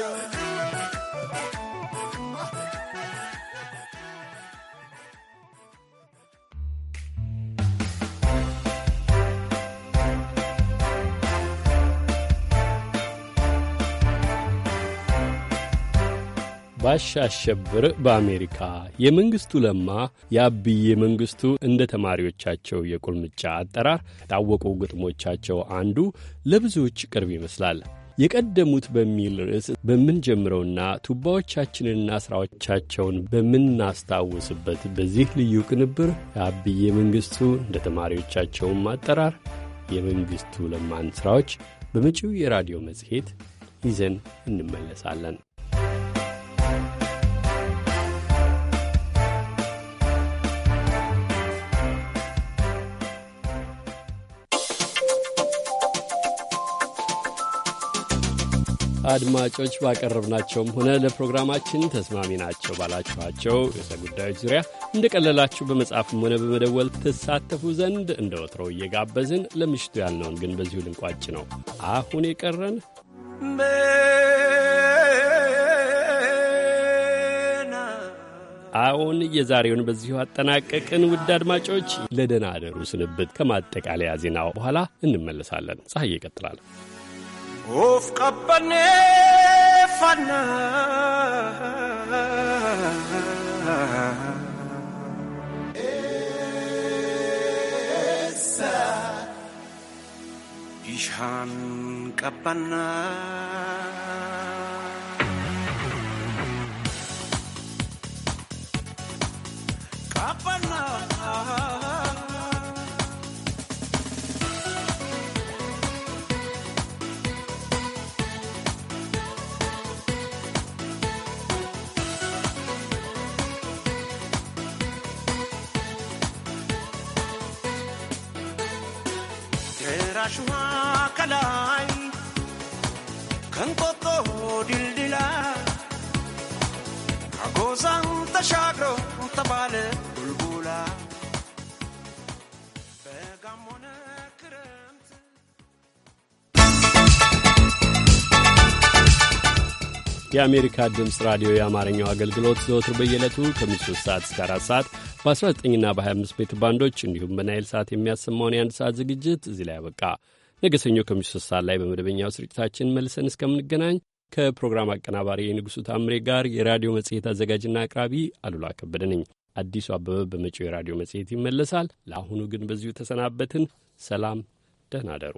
አባሽ አሸብር በአሜሪካ የመንግሥቱ ለማ የአብዬ መንግሥቱ እንደ ተማሪዎቻቸው የቁልምጫ አጠራር ከታወቁ ግጥሞቻቸው አንዱ ለብዙዎች ቅርብ ይመስላል። የቀደሙት በሚል ርዕስ በምንጀምረውና ቱባዎቻችንንና ሥራዎቻቸውን በምናስታውስበት በዚህ ልዩ ቅንብር የአብዬ መንግሥቱ እንደ ተማሪዎቻቸውም አጠራር የመንግሥቱ ለማን ሥራዎች በመጪው የራዲዮ መጽሔት ይዘን እንመለሳለን። አድማጮች ባቀረብናቸውም ሆነ ለፕሮግራማችን ተስማሚ ናቸው ባላችኋቸው ርዕሰ ጉዳዮች ዙሪያ እንደቀለላችሁ በመጻፍም ሆነ በመደወል ትሳተፉ ዘንድ እንደ ወትሮው እየጋበዝን ለምሽቱ ያልነውን ግን በዚሁ ልንቋጭ ነው። አሁን የቀረን አዎን የዛሬውን በዚሁ አጠናቀቅን። ውድ አድማጮች ለደህና አደሩ ስንብት ከማጠቃለያ ዜናው በኋላ እንመለሳለን። ፀሐይ ይቀጥላል። of qabbaneeffannaa. Bishaan qabbannaa. dildilaa kan qoqqoo dildilaa የአሜሪካ ድምፅ ራዲዮ የአማርኛው አገልግሎት ዘወትር በየዕለቱ ከምሽቱ 3 ሰዓት እስከ 4 ሰዓት በ19ና በ25 ሜትር ባንዶች እንዲሁም በናይል ሰዓት የሚያሰማውን የአንድ ሰዓት ዝግጅት እዚህ ላይ አበቃ። ነገ ሰኞ ከምሽቱ ሶስት ሰዓት ላይ በመደበኛው ስርጭታችን መልሰን እስከምንገናኝ ከፕሮግራም አቀናባሪ የንጉሱ ታምሬ ጋር የራዲዮ መጽሔት አዘጋጅና አቅራቢ አሉላ ከበደ ነኝ። አዲሱ አበበ በመጪው የራዲዮ መጽሔት ይመለሳል። ለአሁኑ ግን በዚሁ ተሰናበትን። ሰላም፣ ደህና አደሩ።